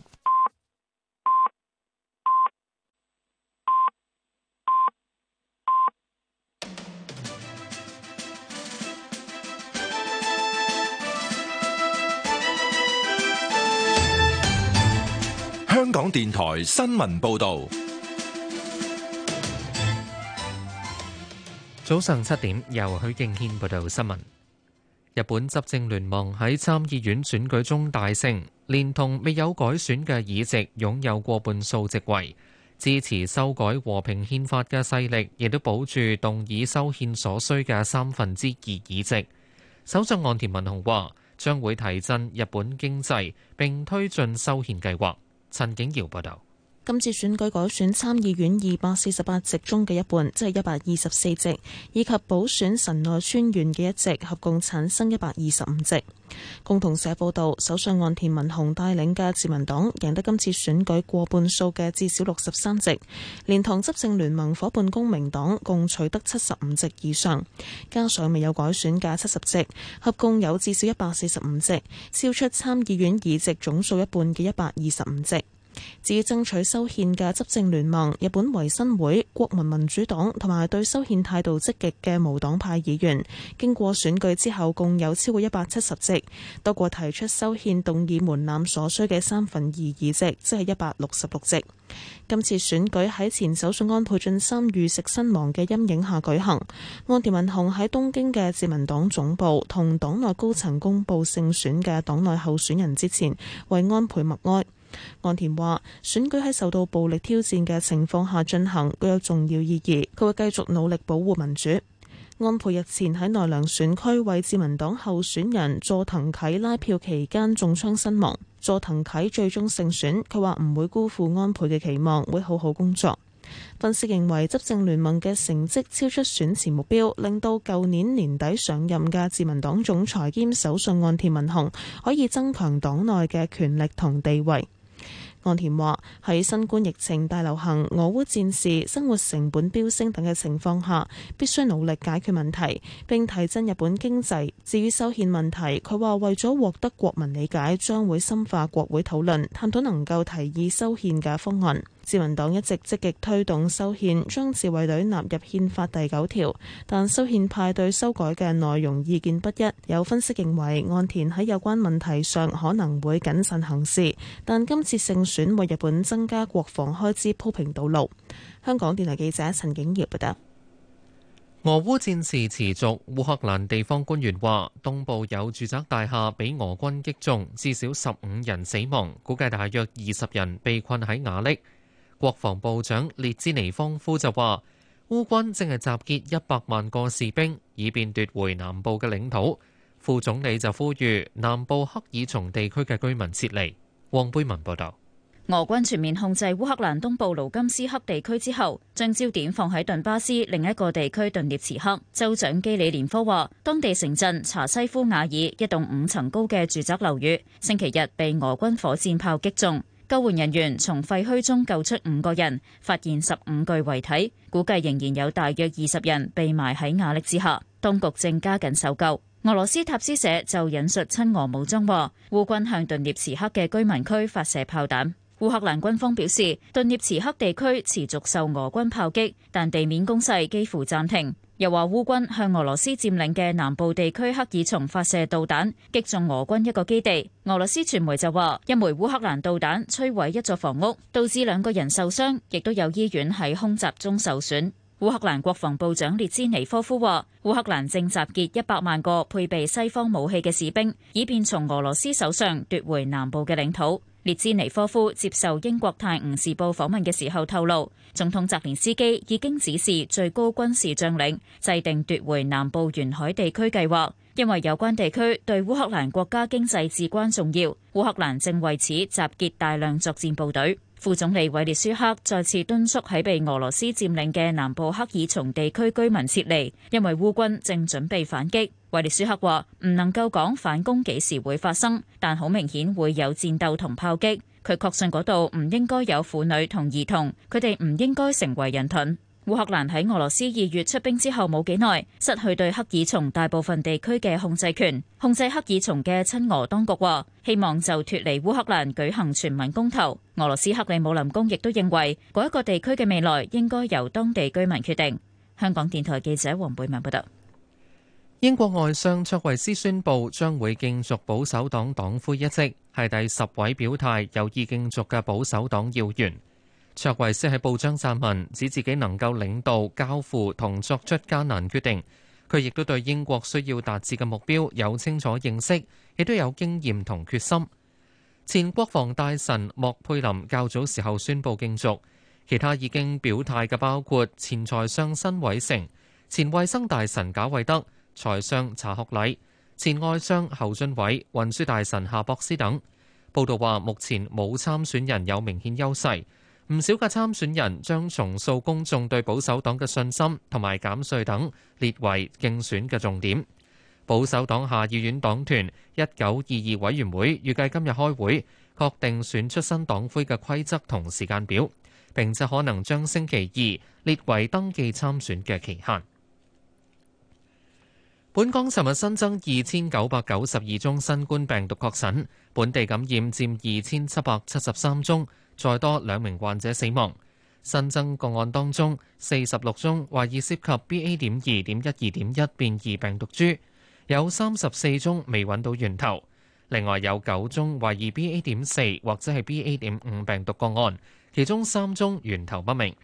香港電台新聞報道，早上七點由許敬軒報道新聞。日本執政聯盟喺參議院選舉中大勝，連同未有改選嘅議席，擁有過半數席位。支持修改和平憲法嘅勢力亦都保住動議修憲所需嘅三分之二議席。首相岸田文雄話將會提振日本經濟，並推進修憲計劃。陳景堯報道。今次選舉改選參議院二百四十八席中嘅一半，即係一百二十四席，以及補選神奈川縣嘅一席，合共產生一百二十五席。共同社報導，首相岸田文雄帶領嘅自民黨贏得今次選舉過半數嘅至少六十三席，連同執政聯盟夥伴公明黨共取得七十五席以上，加上未有改選嘅七十席，合共有至少一百四十五席，超出參議院議席總數一半嘅一百二十五席。至於爭取修憲嘅執政聯盟、日本維新會、國民民主黨同埋對修憲態度積極嘅無黨派議員，經過選舉之後，共有超過一百七十席，多過提出修憲動議門檻所需嘅三分二議席，即係一百六十六席。今次選舉喺前首相安倍晉三遇食身亡嘅陰影下舉行。岸田文雄喺東京嘅自民黨總部同黨內高層公佈勝選嘅黨內候選人之前，為安倍默哀。岸田話：選舉喺受到暴力挑戰嘅情況下進行，具有重要意義。佢會繼續努力保護民主。安倍日前喺奈良選區為自民黨候選人佐藤啓拉票期間中槍身亡。佐藤啓最終勝選，佢話唔會辜負安倍嘅期望，會好好工作。分析認為，執政聯盟嘅成績超出選前目標，令到舊年年底上任嘅自民黨總裁兼首相岸田文雄可以增強黨內嘅權力同地位。岸田話喺新冠疫情大流行、俄烏戰事、生活成本飆升等嘅情況下，必須努力解決問題，並提振日本經濟。至於修憲問題，佢話為咗獲得國民理解，將會深化國會討論，探討能夠提議修憲嘅方案。自民黨一直積極推動修憲，將自衛隊納入憲法第九條，但修憲派對修改嘅內容意見不一。有分析認為，岸田喺有關問題上可能會謹慎行事，但今次勝選為日本增加國防開支鋪平道路。香港電台記者陳景業報道。俄烏戰事持續，烏克蘭地方官員話，東部有住宅大廈被俄軍擊中，至少十五人死亡，估計大約二十人被困喺瓦礫。國防部長列茲尼科夫就話：烏軍正係集結一百萬個士兵，以便奪回南部嘅領土。副總理就呼籲南部克爾松地區嘅居民撤離。黃貝文報道，俄軍全面控制烏克蘭東部盧甘斯克地區之後，將焦點放喺頓巴斯另一個地區頓涅茨克。州長基里連科話：當地城鎮查西夫瓦爾一棟五層高嘅住宅樓宇，星期日被俄軍火箭炮擊中。救援人員從廢墟中救出五個人，發現十五具遺體，估計仍然有大約二十人被埋喺瓦礫之下。當局正加緊搜救。俄羅斯塔斯社就引述親俄武裝話，烏軍向頓涅茨克嘅居民區發射炮彈。烏克蘭軍方表示，頓涅茨克地區持續受俄軍炮擊，但地面攻勢幾乎暫停。又話烏軍向俄羅斯佔領嘅南部地區克爾松發射導彈，擊中俄軍一個基地。俄羅斯傳媒就話，一枚烏克蘭導彈摧毀一座房屋，導致兩個人受傷，亦都有醫院喺空襲中受損。烏克蘭國防部長列茲尼科夫話，烏克蘭正集結一百萬個配備西方武器嘅士兵，以便從俄羅斯手上奪回南部嘅領土。列茲尼科夫接受英國《泰晤士報》訪問嘅時候透露，總統澤連斯基已經指示最高軍事將領制定奪回南部沿海地區計劃，因為有關地區對烏克蘭國家經濟至關重要。烏克蘭正為此集結大量作戰部隊。副總理韋列舒克再次敦促喺被俄羅斯佔領嘅南部克爾松地區居民撤離，因為烏軍正準備反擊。維列舒克話：唔能夠講反攻幾時會發生，但好明顯會有戰鬥同炮擊。佢確信嗰度唔應該有婦女同兒童，佢哋唔應該成為人盾。烏克蘭喺俄羅斯二月出兵之後冇幾耐，失去對赫爾松大部分地區嘅控制權。控制赫爾松嘅親俄當局話，希望就脫離烏克蘭舉行全民公投。俄羅斯克里姆林宮亦都認為，嗰一個地區嘅未來應該由當地居民決定。香港電台記者黃貝文報道。英國外相卓維斯宣布將會競逐保守黨黨魁一職，係第十位表態有意競逐嘅保守黨要員。卓維斯喺報章撰文，指自己能夠領導、交付、同作出艱難決定。佢亦都對英國需要達至嘅目標有清楚認識，亦都有經驗同決心。前國防大臣莫佩林較早時候宣布競逐，其他已經表態嘅包括前財相辛偉誠、前衛生大臣賈偉德。財商查學禮、前外商侯俊偉、運輸大臣夏博斯等報道話，目前冇參選人有明顯優勢，唔少嘅參選人將重塑公眾對保守黨嘅信心同埋減稅等列為競選嘅重點。保守黨下議院黨團一九二二委員會預計今日開會，確定選出新黨魁嘅規則同時間表，並且可能將星期二列為登記參選嘅期限。本港尋日新增二千九百九十二宗新冠病毒確診，本地感染佔二千七百七十三宗，再多兩名患者死亡。新增個案當中，四十六宗懷疑涉，涉及 BA. 點二點一二點一變異病毒株，有三十四宗未揾到源頭。另外有九宗懷疑 BA. 點四或者係 BA. 點五病毒個案，其中三宗源頭不明。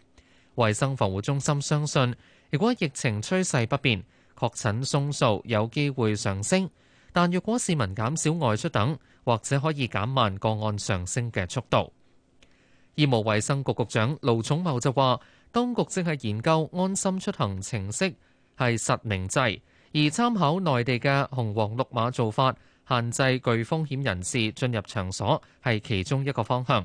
衛生防護中心相信，如果疫情趨勢不變，確診宗數有機會上升，但若果市民減少外出等，或者可以減慢個案上升嘅速度。醫務衛生局局長盧寵茂就話，當局正係研究安心出行程式係實名制，而參考內地嘅紅黃綠碼做法，限制具風險人士進入場所係其中一個方向。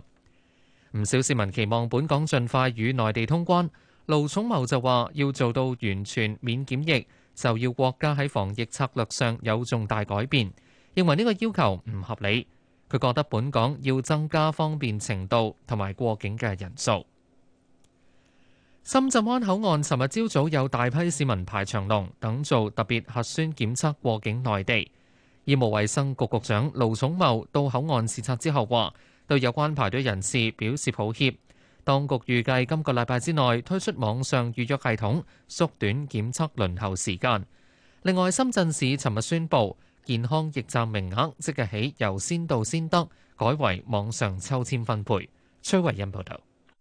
唔少市民期望本港盡快與內地通關。盧寵茂就話，要做到完全免檢疫。就要國家喺防疫策略上有重大改變，認為呢個要求唔合理。佢覺得本港要增加方便程度同埋過境嘅人數。深圳灣口岸尋日朝早有大批市民排長龍等做特別核酸檢測過境內地。醫務衛生局局長盧寵茂到口岸視察之後話，對有關排隊人士表示抱歉。當局預計今個禮拜之內推出網上預約系統，縮短檢測輪候時間。另外，深圳市尋日宣布，健康驛站名額即日起由先到先得，改為網上抽籤分配。崔慧欣報道。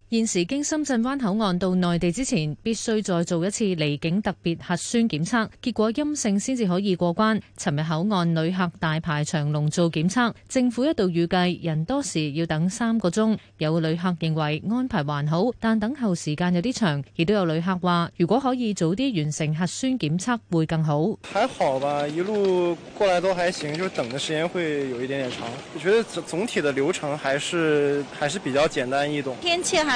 現時經深圳灣口岸到內地之前，必須再做一次離境特別核酸檢測，結果陰性先至可以過關。尋日口岸旅客大排長龍做檢測，政府一度預計人多時要等三個鐘。有旅客認為安排還好，但等候時間有啲長，亦都有旅客話如果可以早啲完成核酸檢測會更好。還好吧，一路過來都還行，就是等的時間會有一點點長。我覺得總總體的流程還是還是比較簡單易懂。天氣還。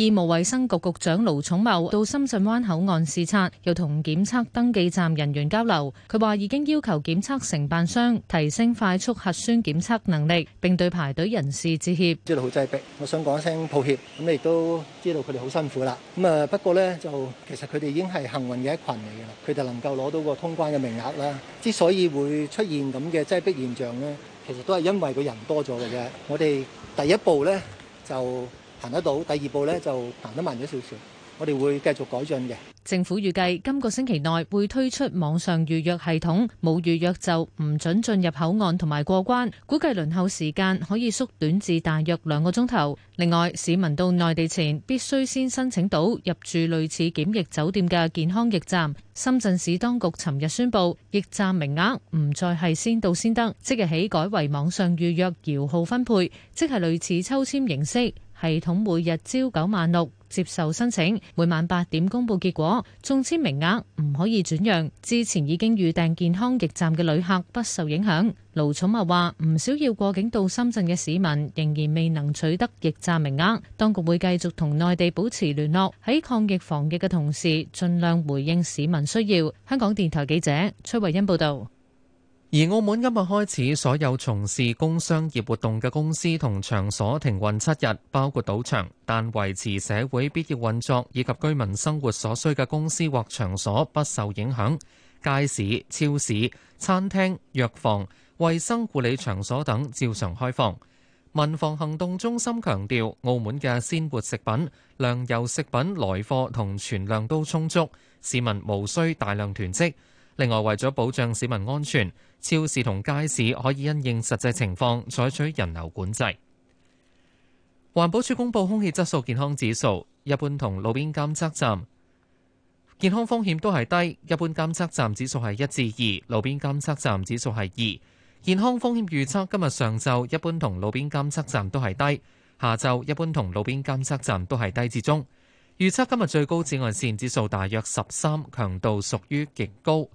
醫務衛生局局長盧寵茂到深圳灣口岸視察，又同檢測登記站人員交流。佢話已經要求檢測承辦商提升快速核酸檢測能力，並對排隊人士致歉。知道好擠迫，我想講聲抱歉。咁你亦都知道佢哋好辛苦啦。咁啊不過呢，就其實佢哋已經係幸運嘅一群嚟㗎啦。佢哋能夠攞到個通關嘅名額啦。之所以會出現咁嘅擠迫現象呢，其實都係因為個人多咗嘅啫。我哋第一步呢，就行得到第二步咧，就行得慢咗少少。我哋會繼續改進嘅。政府預計今個星期內會推出網上預約系統，冇預約就唔准進入口岸同埋過關，估計輪候時間可以縮短至大約兩個鐘頭。另外，市民到內地前必須先申請到入住類似檢疫酒店嘅健康驛站。深圳市當局尋日宣布，驛站名額唔再係先到先得，即日起改為網上預約搖號分配，即係類似抽簽形式。系統每日朝九晚六接受申請，每晚八點公佈結果。中籤名額唔可以轉讓，之前已經預訂健康驛站嘅旅客不受影響。盧寵茂話：唔少要過境到深圳嘅市民仍然未能取得驛站名額，當局會繼續同內地保持聯絡，喺抗疫防疫嘅同時，盡量回應市民需要。香港電台記者崔慧欣報道。而澳門今日開始，所有從事工商業活動嘅公司同場所停運七日，包括賭場，但維持社會必要運作以及居民生活所需嘅公司或場所不受影響。街市、超市、餐廳、藥房、衛生護理場所等照常開放。民防行動中心強調，澳門嘅鮮活食品、糧油食品來貨同存量都充足，市民無需大量囤積。另外，為咗保障市民安全，超市同街市可以因應實際情況採取人流管制。環保署公布空氣質素健康指數，一般同路邊監測站健康風險都係低。一般監測站指數係一至二，路邊監測站指數係二。健康風險預測今日上晝一般同路邊監測站都係低，下晝一般同路邊監測站都係低至中。預測今日最高紫外線指數大約十三，強度屬於極高。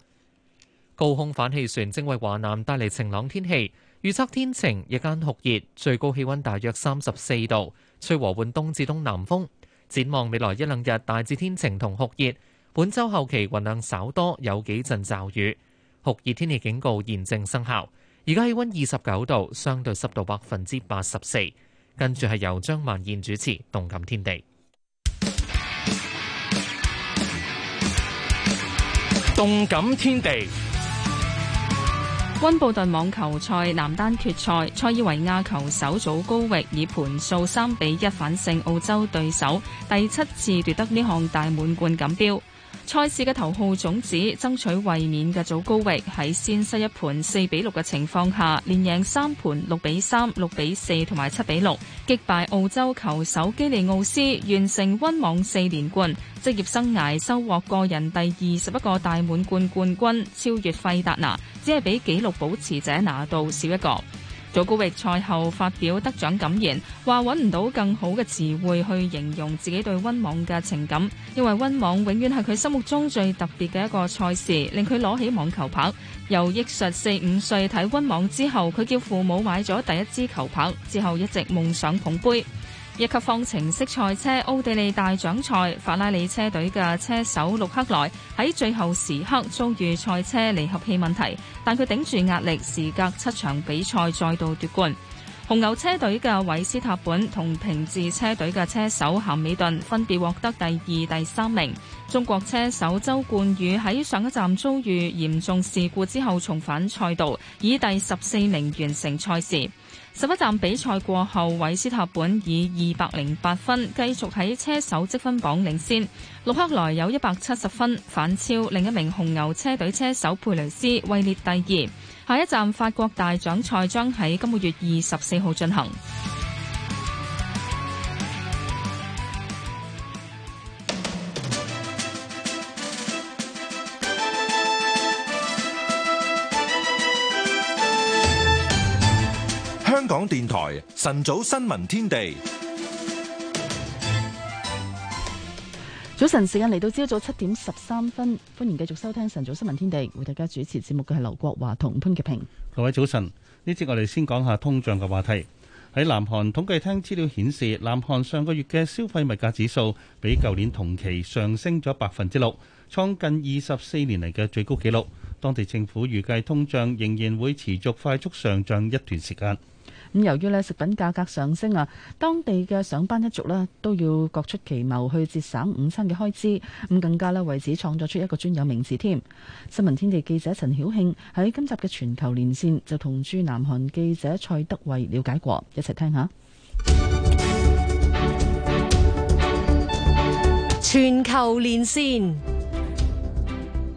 高空反氣旋正為華南帶嚟晴朗天氣，預測天晴，日間酷熱，最高氣溫大約三十四度，吹和緩東至東南風。展望未來一兩日大致天晴同酷熱，本周後期雲量稍多，有幾陣驟雨。酷熱天氣警告現正生效，而家氣溫二十九度，相對濕度百分之八十四。跟住係由張萬燕主持《動感天地》，《動感天地》。溫布頓網球賽男單決賽，塞爾維亞球手祖高域以盤數三比一反勝澳洲對手，第七次奪得呢項大滿貫錦標。賽事嘅頭號種子爭取衛冕嘅祖高域喺先失一盤四比六嘅情況下，連贏三盤六比三、六比四同埋七比六，擊敗澳洲球手基利奧斯，完成溫網四連冠，職業生涯收穫個人第二十一個大滿貫冠軍，超越費達拿，只係比紀錄保持者拿度少一個。祖高域賽後發表得獎感言，話揾唔到更好嘅詞彙去形容自己對溫網嘅情感，因為溫網永遠係佢心目中最特別嘅一個賽事，令佢攞起網球拍。由憶述四五歲睇溫網之後，佢叫父母買咗第一支球拍，之後一直夢想捧杯。一級方程式賽車奧地利大獎賽，法拉利車隊嘅車手陸克萊喺最後時刻遭遇賽車離合器問題，但佢頂住壓力，時隔七場比賽再度奪冠。紅牛車隊嘅韋斯塔本同平治車隊嘅車手咸美頓分別獲得第二、第三名。中國車手周冠宇喺上一站遭遇嚴重事故之後重返賽道，以第十四名完成賽事。十一站比賽過後，韋斯塔本以二百零八分繼續喺車手積分榜領先，洛克萊有一百七十分反超另一名紅牛車隊車手佩雷斯，位列第二。下一站，法國大獎賽將喺今個月二十四號進行。香港電台晨早新聞天地。早晨，時間嚟到朝早七點十三分，歡迎繼續收聽晨早新聞天地。為大家主持節目嘅係劉國華同潘潔平。各位早晨，呢節我哋先講下通脹嘅話題。喺南韓統計廳資料顯示，南韓上個月嘅消費物價指數比舊年同期上升咗百分之六，創近二十四年嚟嘅最高紀錄。當地政府預計通脹仍然會持續快速上漲一段時間。咁由於咧食品價格上升啊，當地嘅上班一族咧都要各出奇謀去節省午餐嘅開支，咁更加咧為此創作出一個專有名詞添。新聞天地記者陳曉慶喺今集嘅全球連線就同駐南韓記者蔡德慧了解過，一齊聽一下。全球連線。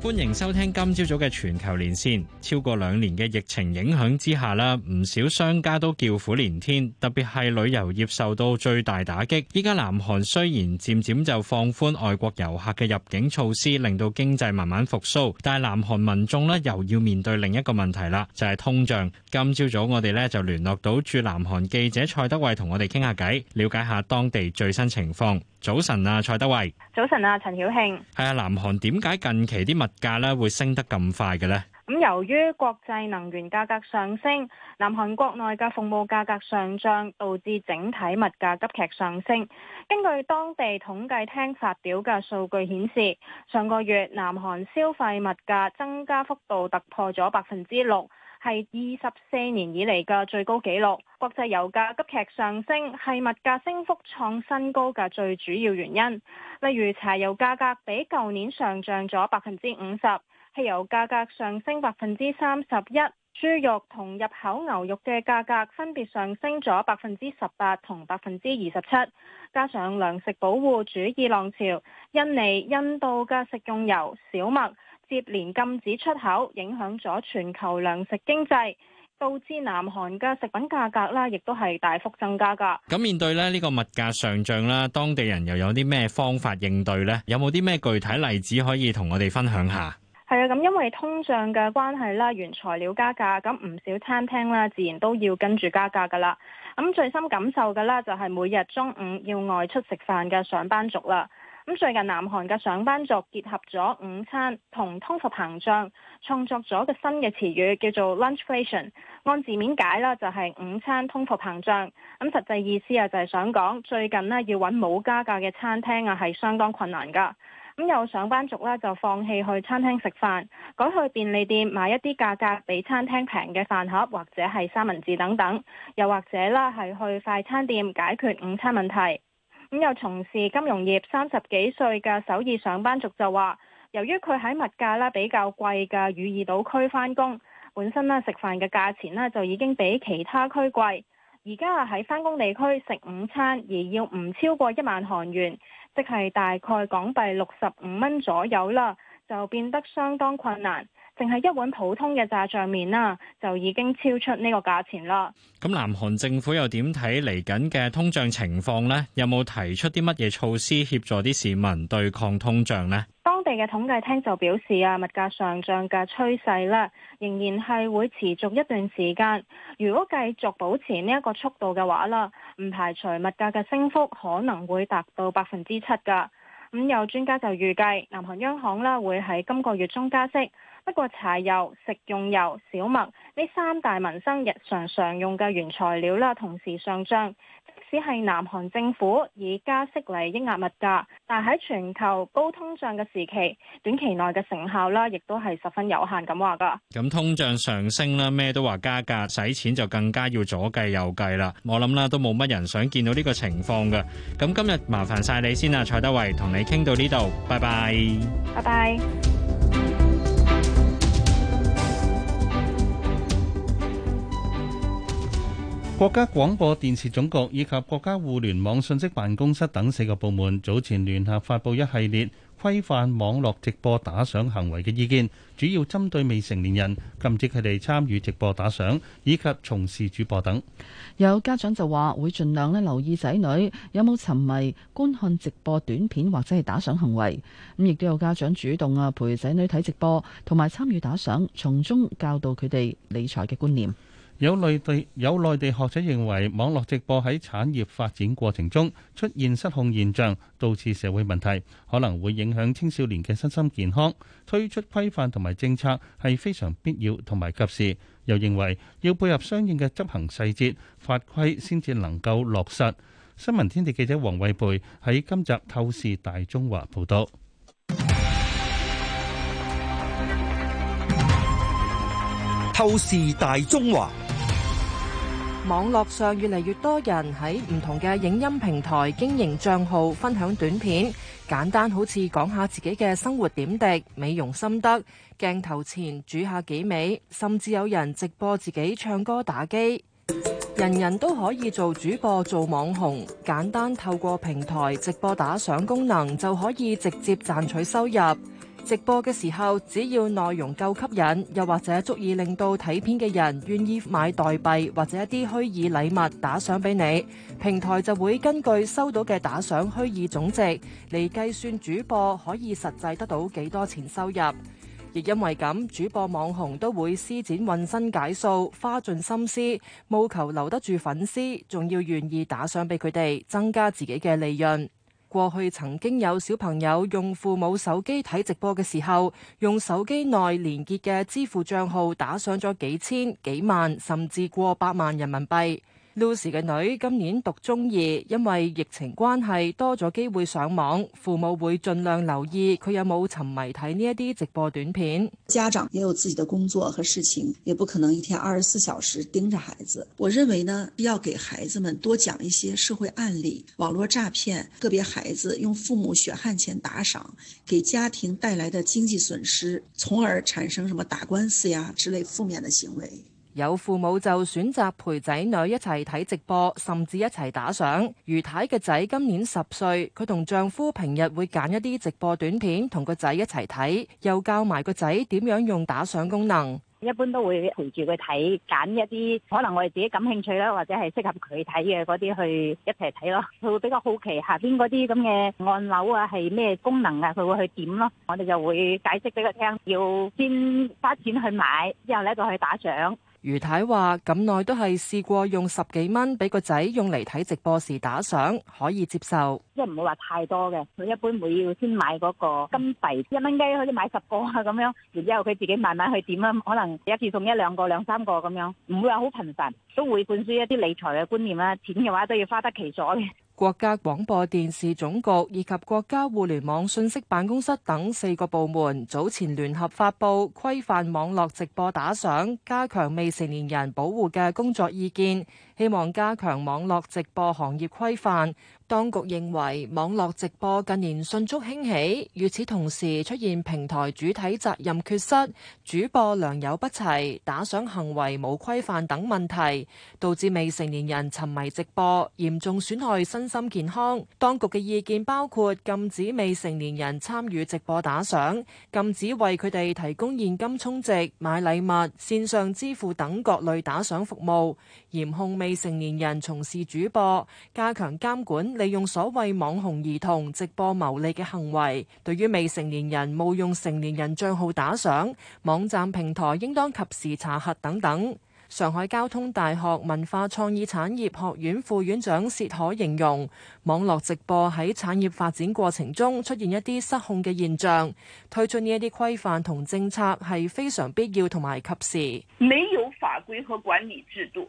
歡迎收聽今朝早嘅全球連線。超過兩年嘅疫情影響之下啦，唔少商家都叫苦連天，特別係旅遊業受到最大打擊。依家南韓雖然漸漸就放寬外國遊客嘅入境措施，令到經濟慢慢復甦，但係南韓民眾咧又要面對另一個問題啦，就係通脹。今朝早我哋咧就聯絡到駐南韓記者蔡德偉同我哋傾下偈，了解下當地最新情況。早晨啊，蔡德偉。早晨啊，陳曉慶。係啊，南韓點解近期啲物？價咧會升得咁快嘅呢？咁由於國際能源價格上升，南韓國內嘅服務價格上漲，導致整體物價急劇上升。根據當地統計廳發表嘅數據顯示，上個月南韓消費物價增加幅度突破咗百分之六。係二十四年以嚟嘅最高紀錄，國際油價急劇上升係物價升幅創新高嘅最主要原因。例如，柴油價格比舊年上漲咗百分之五十，汽油價格上升百分之三十一，豬肉同入口牛肉嘅價格分別上升咗百分之十八同百分之二十七。加上糧食保護主義浪潮，印尼、印度嘅食用油、小麥……接連禁止出口，影響咗全球糧食經濟，導致南韓嘅食品價格啦，亦都係大幅增加噶。咁面對呢呢個物價上漲啦，當地人又有啲咩方法應對呢？有冇啲咩具體例子可以同我哋分享下？係啊，咁因為通脹嘅關係啦，原材料加價，咁唔少餐廳啦，自然都要跟住加價噶啦。咁最深感受嘅啦，就係每日中午要外出食飯嘅上班族啦。咁最近南韓嘅上班族結合咗午餐同通貨膨脹，創作咗個新嘅詞語叫做 lunchflation，按字面解啦，就係午餐通貨膨脹。咁實際意思啊，就係想講最近呢要揾冇加價嘅餐廳啊，係相當困難噶。咁有上班族呢就放棄去餐廳食飯，改去便利店買一啲價格比餐廳平嘅飯盒或者係三文治等等，又或者啦係去快餐店解決午餐問題。咁又從事金融業三十幾歲嘅首爾上班族就話，由於佢喺物價咧比較貴嘅汝矣島區返工，本身咧食飯嘅價錢咧就已經比其他區貴，而家喺返工地區食午餐而要唔超過一萬韓元，即係大概港幣六十五蚊左右啦，就變得相當困難。淨係一碗普通嘅炸醬麵啦，就已經超出呢個價錢啦。咁南韓政府又點睇嚟緊嘅通脹情況呢？有冇提出啲乜嘢措施協助啲市民對抗通脹呢？當地嘅統計廳就表示啊，物價上漲嘅趨勢咧，仍然係會持續一段時間。如果繼續保持呢一個速度嘅話啦，唔排除物價嘅升幅可能會達到百分之七噶。咁有專家就預計，南韓央行啦會喺今個月中加息。不過柴油、食用油、小麥呢三大民生日常常用嘅原材料啦，同時上漲。即使係南韓政府以加息嚟抑壓物價，但喺全球高通脹嘅時期，短期內嘅成效啦，亦都係十分有限咁話噶。咁通脹上升啦，咩都話加價，使錢就更加要左計右計啦。我諗啦，都冇乜人想見到呢個情況㗎。咁今日麻煩晒你先啦，蔡德偉，同你傾到呢度，拜拜，拜拜。國家廣播電視總局以及國家互聯網信息辦公室等四個部門早前聯合發布一系列規範網絡直播打賞行為嘅意見，主要針對未成年人禁止佢哋參與直播打賞以及從事主播等。有家長就話會盡量咧留意仔女有冇沉迷觀看直播短片或者係打賞行為，咁亦都有家長主動啊陪仔女睇直播同埋參與打賞，從中教導佢哋理財嘅觀念。有內地有內地學者認為，網絡直播喺產業發展過程中出現失控現象，導致社會問題，可能會影響青少年嘅身心健康。推出規範同埋政策係非常必要同埋及時。又認為要配合相應嘅執行細節法規，先至能夠落實。新聞天地記者黃慧貝喺今集《透視大中華》報導，《透視大中華》。網絡上越嚟越多人喺唔同嘅影音平台經營賬號，分享短片，簡單好似講下自己嘅生活點滴、美容心得，鏡頭前煮下幾味，甚至有人直播自己唱歌、打機，人人都可以做主播、做網紅，簡單透過平台直播打賞功能，就可以直接賺取收入。直播嘅時候，只要內容夠吸引，又或者足以令到睇片嘅人願意買代幣或者一啲虛擬禮物打賞俾你，平台就會根據收到嘅打賞虛擬總值嚟計算主播可以實際得到幾多錢收入。亦因為咁，主播網紅都會施展渾身解數，花盡心思，務求留得住粉絲，仲要願意打賞俾佢哋，增加自己嘅利潤。過去曾經有小朋友用父母手機睇直播嘅時候，用手機內連結嘅支付賬號打上咗幾千、幾萬，甚至過百萬人民幣。Lucy 嘅女今年讀中二，因為疫情關係多咗機會上網，父母會盡量留意佢有冇沉迷睇呢一啲直播短片。家長也有自己的工作和事情，也不可能一天二十四小時盯着孩子。我認為呢，要給孩子們多講一些社會案例、網絡詐騙，個別孩子用父母血汗錢打賞，給家庭帶來的經濟損失，從而產生什麼打官司呀之類負面嘅行為。有父母就選擇陪仔女一齊睇直播，甚至一齊打賞。余太嘅仔今年十歲，佢同丈夫平日會揀一啲直播短片同個仔一齊睇，又教埋個仔點樣用打賞功能。一般都會陪住佢睇，揀一啲可能我哋自己感興趣啦，或者係適合佢睇嘅嗰啲去一齊睇咯。佢會比較好奇下邊嗰啲咁嘅按鈕啊，係咩功能啊？佢會去點咯。我哋就會解釋俾佢聽，要先花錢去買，之後咧就去打賞。余太話咁耐都係試過用十幾蚊，俾個仔用嚟睇直播時打賞，可以接受，即係唔會話太多嘅。佢一般會要先買嗰個金幣，一蚊雞好似買十個啊咁樣，然之後佢自己慢慢去點啊。可能一次送一兩個、兩三個咁樣，唔會話好頻繁，都會灌輸一啲理財嘅觀念啦。錢嘅話都要花得其所嘅。國家廣播電視總局以及國家互聯網信息辦公室等四個部門早前聯合發布《規範網絡直播打賞，加強未成年人保護》嘅工作意見。希望加強網絡直播行業規範。當局認為網絡直播近年迅速興起，與此同時出現平台主體責任缺失、主播良莠不齊、打賞行為冇規範等問題，導致未成年人沉迷直播，嚴重損害身心健康。當局嘅意見包括禁止未成年人參與直播打賞，禁止為佢哋提供現金充值、買禮物、線上支付等各類打賞服務，嚴控未未成年人從事主播，加強監管，利用所謂網紅兒童直播牟利嘅行為，對於未成年人冒用成年人賬號打賞，網站平台應當及時查核等等。上海交通大學文化創意產業學院副院長薛可形容，網絡直播喺產業發展過程中出現一啲失控嘅現象，推出呢一啲規範同政策係非常必要同埋及時，沒有法規和管理制度，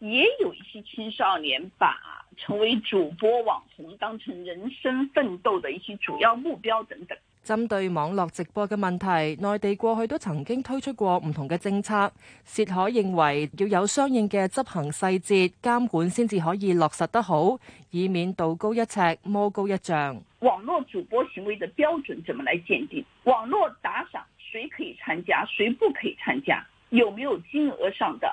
也有一些青少年把成為主播網紅當成人生奮鬥的一些主要目標等等。針對網絡直播嘅問題，內地過去都曾經推出過唔同嘅政策。薛海認為，要有相應嘅執行細節監管，先至可以落實得好，以免道高一尺，魔高一丈。網絡主播行為的標準怎麼來鑑定？網絡打賞誰可以參加，誰不可以參加？有沒有金額上的？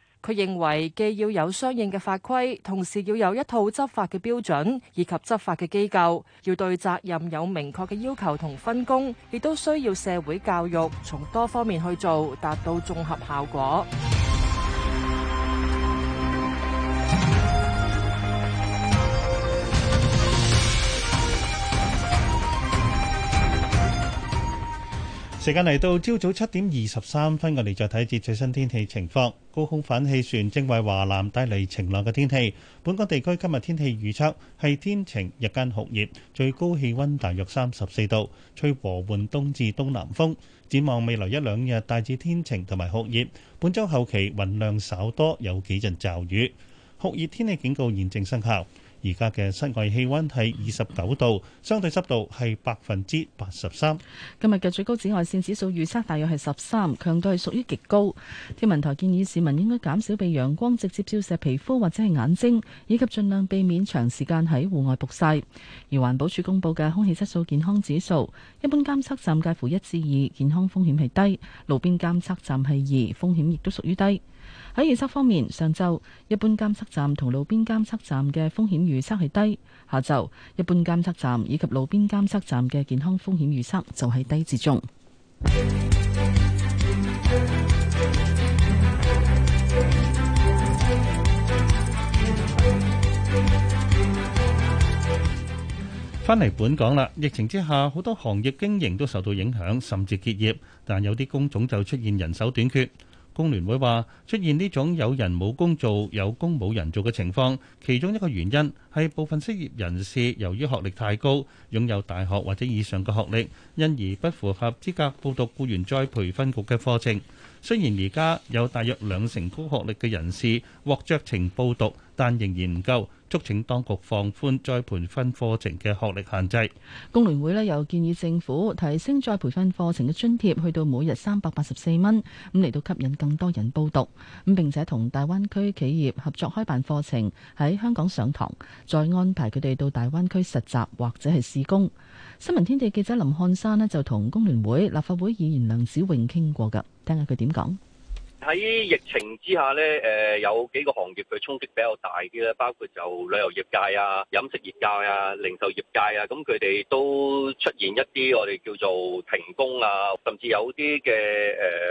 佢認為，既要有相應嘅法規，同時要有一套執法嘅標準，以及執法嘅機構，要對責任有明確嘅要求同分工，亦都需要社會教育，從多方面去做，達到綜合效果。時間嚟到朝早七點二十三分，我哋再睇一節最新天氣情況。高空反氣旋正為華南帶嚟晴朗嘅天氣。本港地區今日天氣預測係天晴，日間酷熱，最高氣溫大約三十四度，吹和緩東至東南風。展望未來一兩日大致天晴同埋酷熱。本周後期雲量稍多，有幾陣驟雨。酷熱天氣警告現正生效。而家嘅室外氣溫係二十九度，相對濕度係百分之八十三。今日嘅最高紫外線指數預測大約係十三，強度係屬於極高。天文台建議市民應該減少被陽光直接照射皮膚或者係眼睛，以及盡量避免長時間喺戶外曝曬。而環保署公布嘅空氣質素健康指數，一般監測站介乎一至二，健康風險係低；路邊監測站係二，風險亦都屬於低。喺預測方面，上晝一般監測站同路邊監測站嘅風險預測係低；下晝一般監測站以及路邊監測站嘅健康風險預測就係低至中。翻嚟本港啦，疫情之下，好多行業經營都受到影響，甚至結業。但有啲工種就出現人手短缺。工聯會話出現呢種有人冇工做、有工冇人做嘅情況，其中一個原因係部分失業人士由於學歷太高，擁有大學或者以上嘅學歷，因而不符合資格報讀僱員再培訓局嘅課程。雖然而家有大約兩成高學歷嘅人士獲酌情報讀。但仍然唔夠，促請當局放寬再培訓課程嘅學歷限制。工聯會咧又建議政府提升再培訓課程嘅津貼去到每日三百八十四蚊，咁嚟到吸引更多人報讀，咁並且同大灣區企業合作開辦課程喺香港上堂，再安排佢哋到大灣區實習或者係試工。新聞天地記者林漢山咧就同工聯會立法會議員梁子穎傾過噶，聽下佢點講。喺疫情之下咧，誒、呃、有幾個行業嘅衝擊比較大啲咧，包括就旅遊業界啊、飲食業界啊、零售業界啊，咁佢哋都出現一啲我哋叫做停工啊，甚至有啲嘅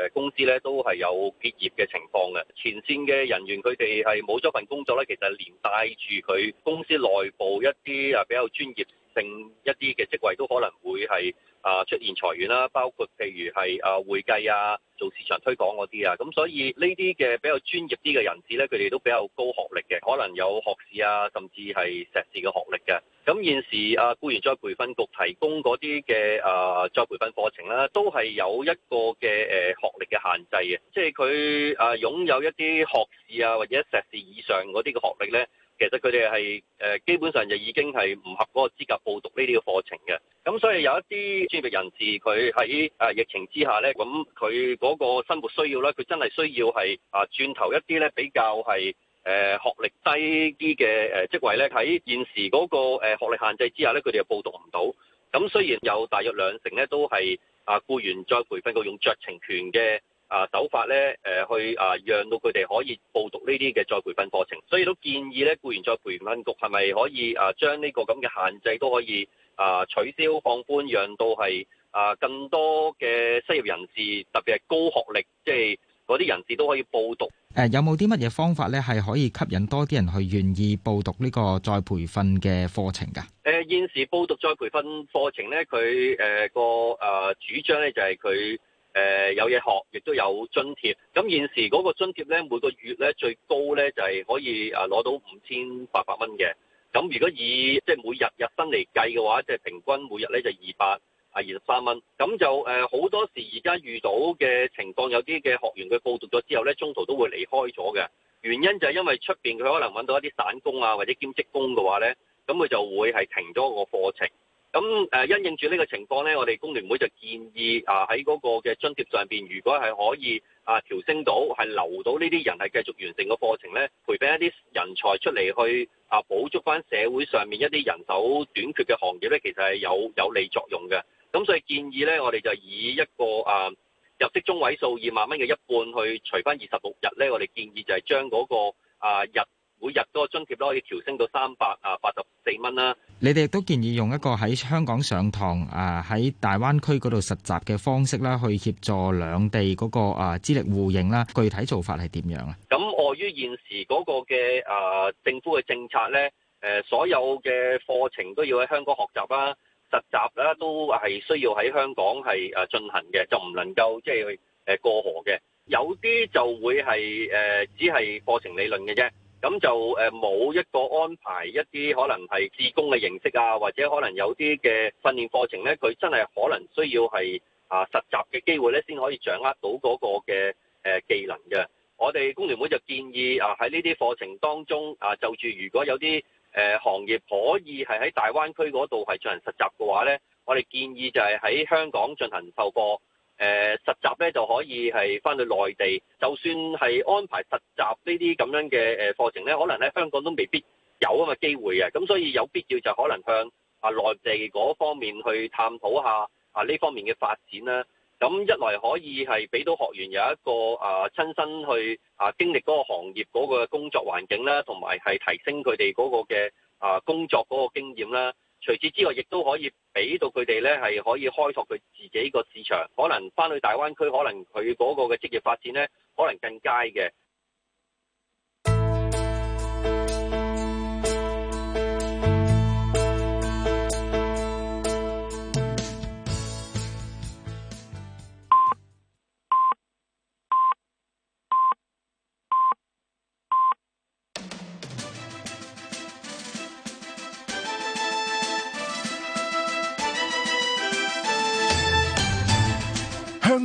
誒公司咧都係有結業嘅情況嘅。前線嘅人員，佢哋係冇咗份工作咧，其實連帶住佢公司內部一啲啊比較專業性一啲嘅職位都可能會係。啊！出現裁員啦，包括譬如係啊會計啊，做市場推廣嗰啲啊，咁所以呢啲嘅比較專業啲嘅人士呢，佢哋都比較高學歷嘅，可能有學士啊，甚至係碩士嘅學歷嘅。咁現時啊，僱員再培訓局提供嗰啲嘅啊，再培訓課程啦，都係有一個嘅誒學歷嘅限制嘅，即係佢啊擁有一啲學士啊或者碩士以上嗰啲嘅學歷呢。其實佢哋係誒基本上就已經係唔合嗰個資格報讀呢啲嘅課程嘅，咁所以有一啲專業人士佢喺啊疫情之下呢，咁佢嗰個生活需要咧，佢真係需要係啊轉投一啲呢，比較係誒學歷低啲嘅誒職位呢，喺現時嗰個誒學歷限制之下呢，佢哋又報讀唔到。咁雖然有大約兩成呢都係啊僱員再培訓過用酌情權嘅。啊手法咧，誒去啊，讓到佢哋可以報讀呢啲嘅再培訓課程，所以都建議咧，僱員再培訓局係咪可以啊將呢個咁嘅限制都可以啊取消放寬，讓到係啊更多嘅失業人士，特別係高學歷，即係嗰啲人士都可以報讀。誒、啊、有冇啲乜嘢方法咧，係可以吸引多啲人去願意報讀呢個再培訓嘅課程㗎？誒、啊、現時報讀再培訓課程咧，佢誒個誒主張咧就係佢。誒，有嘢學，亦都有津貼。咁現時嗰個津貼咧，每個月咧最高咧就係可以誒攞到五千八百蚊嘅。咁如果以即係每日日薪嚟計嘅話，即係平均每日咧就二百係二十三蚊。咁就誒好多時而家遇到嘅情況，有啲嘅學員佢報讀咗之後咧，中途都會離開咗嘅。原因就係因為出邊佢可能搵到一啲散工啊，或者兼職工嘅話咧，咁佢就會係停咗個課程。咁誒、嗯，因應住呢個情況咧，我哋工聯會就建議啊，喺嗰個嘅津貼上邊，如果係可以啊調升到，係留到呢啲人係繼續完成個課程咧，培訓一啲人才出嚟去啊補足翻社會上面一啲人手短缺嘅行業咧，其實係有有利作用嘅。咁所以建議咧，我哋就以一個啊入息中位數二萬蚊嘅一半去除翻二十六日咧，我哋建議就係將嗰、那個啊日。每日嗰個津貼都可以調升到三百啊八十四蚊啦。你哋亦都建議用一個喺香港上堂啊，喺大灣區嗰度實習嘅方式啦，去協助兩地嗰個啊資歷互認啦。具體做法係點樣啊？咁礙、嗯、於現時嗰個嘅誒、呃、政府嘅政策咧，誒、呃、所有嘅課程都要喺香港學習啦、實習啦，都係需要喺香港係誒進行嘅，就唔能夠即係去誒過河嘅。有啲就會係誒、呃、只係課程理論嘅啫。咁就誒冇一個安排一啲可能係自工嘅形式啊，或者可能有啲嘅訓練課程咧，佢真係可能需要係啊實習嘅機會咧，先可以掌握到嗰個嘅誒技能嘅。我哋工聯會就建議啊，喺呢啲課程當中啊，就住如果有啲誒行業可以係喺大灣區嗰度係進行實習嘅話咧，我哋建議就係喺香港進行授課，誒實習咧就可以係翻去內地，就算係安排實習呢啲咁樣嘅誒課程咧，可能喺香港都未必有咁嘅機會嘅，咁所以有必要就可能向啊內地嗰方面去探討下啊呢方面嘅發展啦。咁一來可以係俾到學員有一個啊親身去啊經歷嗰個行業嗰個工作環境啦，同埋係提升佢哋嗰個嘅啊工作嗰個經驗啦。除此之外，亦都可以。俾到佢哋咧，係可以開拓佢自己個市場，可能翻去大灣區，可能佢嗰個嘅職業發展咧，可能更佳嘅。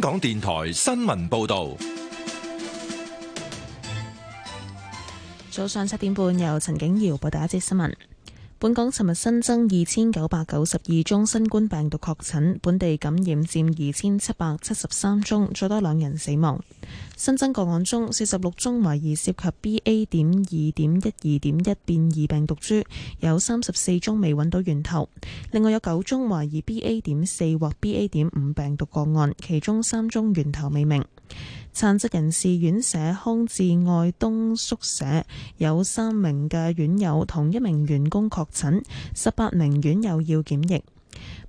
港電台新聞報道。早上七點半，由陳景瑤報道一節新聞。本港尋日新增二千九百九十二宗新冠病毒確診，本地感染佔二千七百七十三宗，再多兩人死亡。新增個案中，四十六宗懷疑涉，涉及 B A 點二點一二點一變異病毒株，有三十四宗未揾到源頭。另外有九宗懷疑 B A 點四或 B A 點五病毒個案，其中三宗源頭未明。殘疾人士院舍匡智愛東宿舍有三名嘅院友同一名員工確診，十八名院友要檢疫。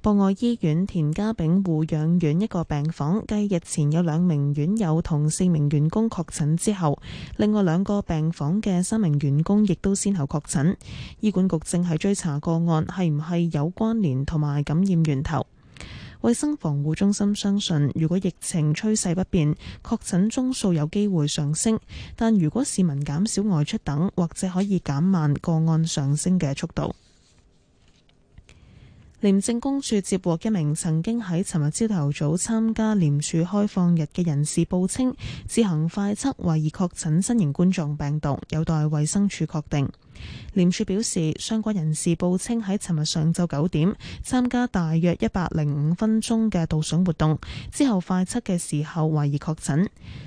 博愛醫院田家炳護養院一個病房繼日前有兩名院友同四名員工確診之後，另外兩個病房嘅三名員工亦都先後確診。醫管局正係追查個案係唔係有關聯同埋感染源頭。衛生防護中心相信，如果疫情趨勢不變，確診宗數有機會上升；但如果市民減少外出等，或者可以減慢個案上升嘅速度。廉政公署接獲一名曾經喺尋日朝頭早參加廉署開放日嘅人士報稱，自行快測懷疑確診新型冠狀病毒，有待衛生署確定。廉署表示，相關人士報稱喺尋日上晝九點參加大約一百零五分鐘嘅導賞活動，之後快測嘅時候懷疑確診。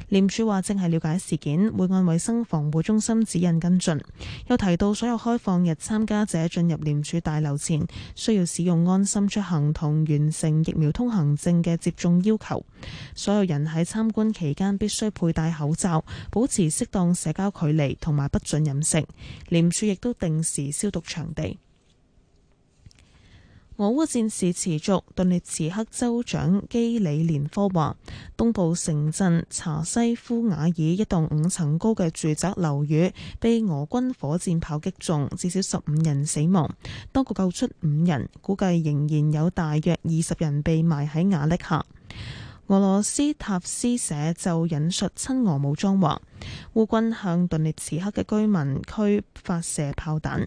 廉署話正係了解事件，會按衛生防護中心指引跟進。又提到所有開放日參加者進入廉署大樓前，需要使用安心出行同完成疫苗通行證嘅接種要求。所有人喺參觀期間必須佩戴口罩，保持適當社交距離，同埋不准飲食。廉署亦都定時消毒場地。俄烏戰事持續，頓涅茨克州長基里連科話，東部城鎮查西夫瓦爾一棟五層高嘅住宅樓宇被俄軍火箭炮擊中，至少十五人死亡，當局救出五人，估計仍然有大約二十人被埋喺瓦礫下。俄羅斯塔斯社就引述親俄武裝話，烏軍向頓涅茨克嘅居民區發射炮彈。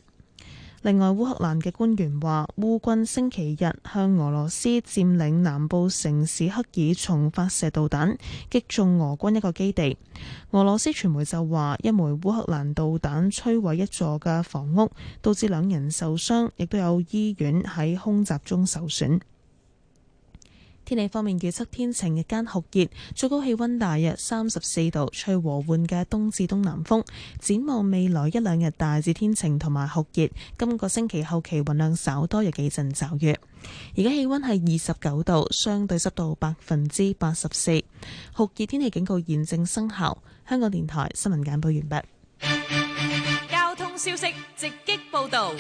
另外，烏克蘭嘅官員話，烏軍星期日向俄羅斯佔領南部城市克爾松發射導彈，擊中俄軍一個基地。俄羅斯傳媒就話，一枚烏克蘭導彈摧毀一座嘅房屋，導致兩人受傷，亦都有醫院喺空襲中受損。天氣方面，預測天晴，日間酷熱，最高氣溫大約三十四度，吹和緩嘅東至東南風。展望未來一兩日，大致天晴同埋酷熱。今個星期後期雲量稍多陣就，有幾陣驟雨。而家氣溫係二十九度，相對濕度百分之八十四，酷熱天氣警告現正生效。香港電台新聞簡報完畢。交通消息，直擊報道。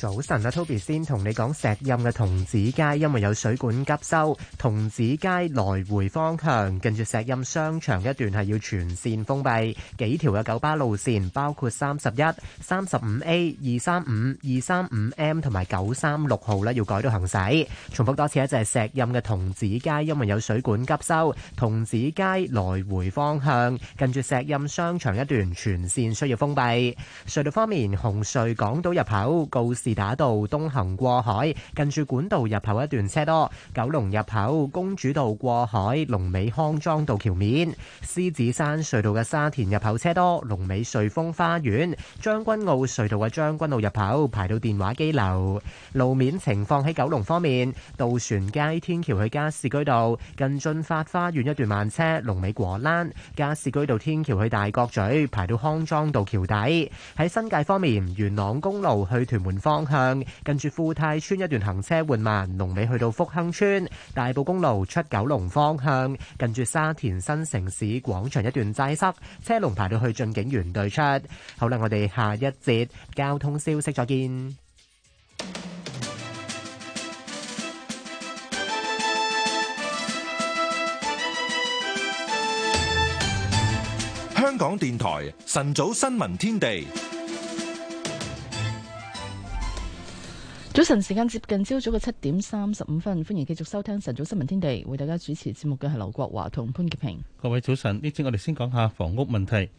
早晨啊，Toby 先同你講石蔭嘅童子街，因為有水管急修，童子街來回方向近住石蔭商場一段係要全線封閉，幾條嘅九巴路線包括三十一、三十五 A、二三五、二三五 M 同埋九三六號咧，要改道行駛。重複多次啊，就係石蔭嘅童子街，因為有水管急修，童子街來回方向近住石蔭商場一段全線需要封閉。隧道方面，紅隧港島入口告示，打道東行過海，近住管道入口一段車多；九龍入口公主道過海，龍尾康莊道橋面；獅子山隧道嘅沙田入口車多，龍尾瑞峰花園；將軍澳隧道嘅將軍澳入口排到電話機樓。路面情況喺九龍方面，渡船街天橋去加士居道近駿發花園一段慢車，龍尾果欄；加士居道天橋去大角咀排到康莊道橋底。喺新界方面，元朗公路去屯門方。方向，近住富泰村一段行車緩慢，龍尾去到福亨村；大埔公路出九龍方向，近住沙田新城市廣場一段擠塞，車龍排到去駿景園對出。好啦，我哋下一節交通消息再見。香港電台晨早新聞天地。早晨時間接近朝早嘅七點三十五分，歡迎繼續收聽晨早新聞天地，為大家主持節目嘅係劉國華同潘潔平。各位早晨，呢次我哋先講下房屋問題。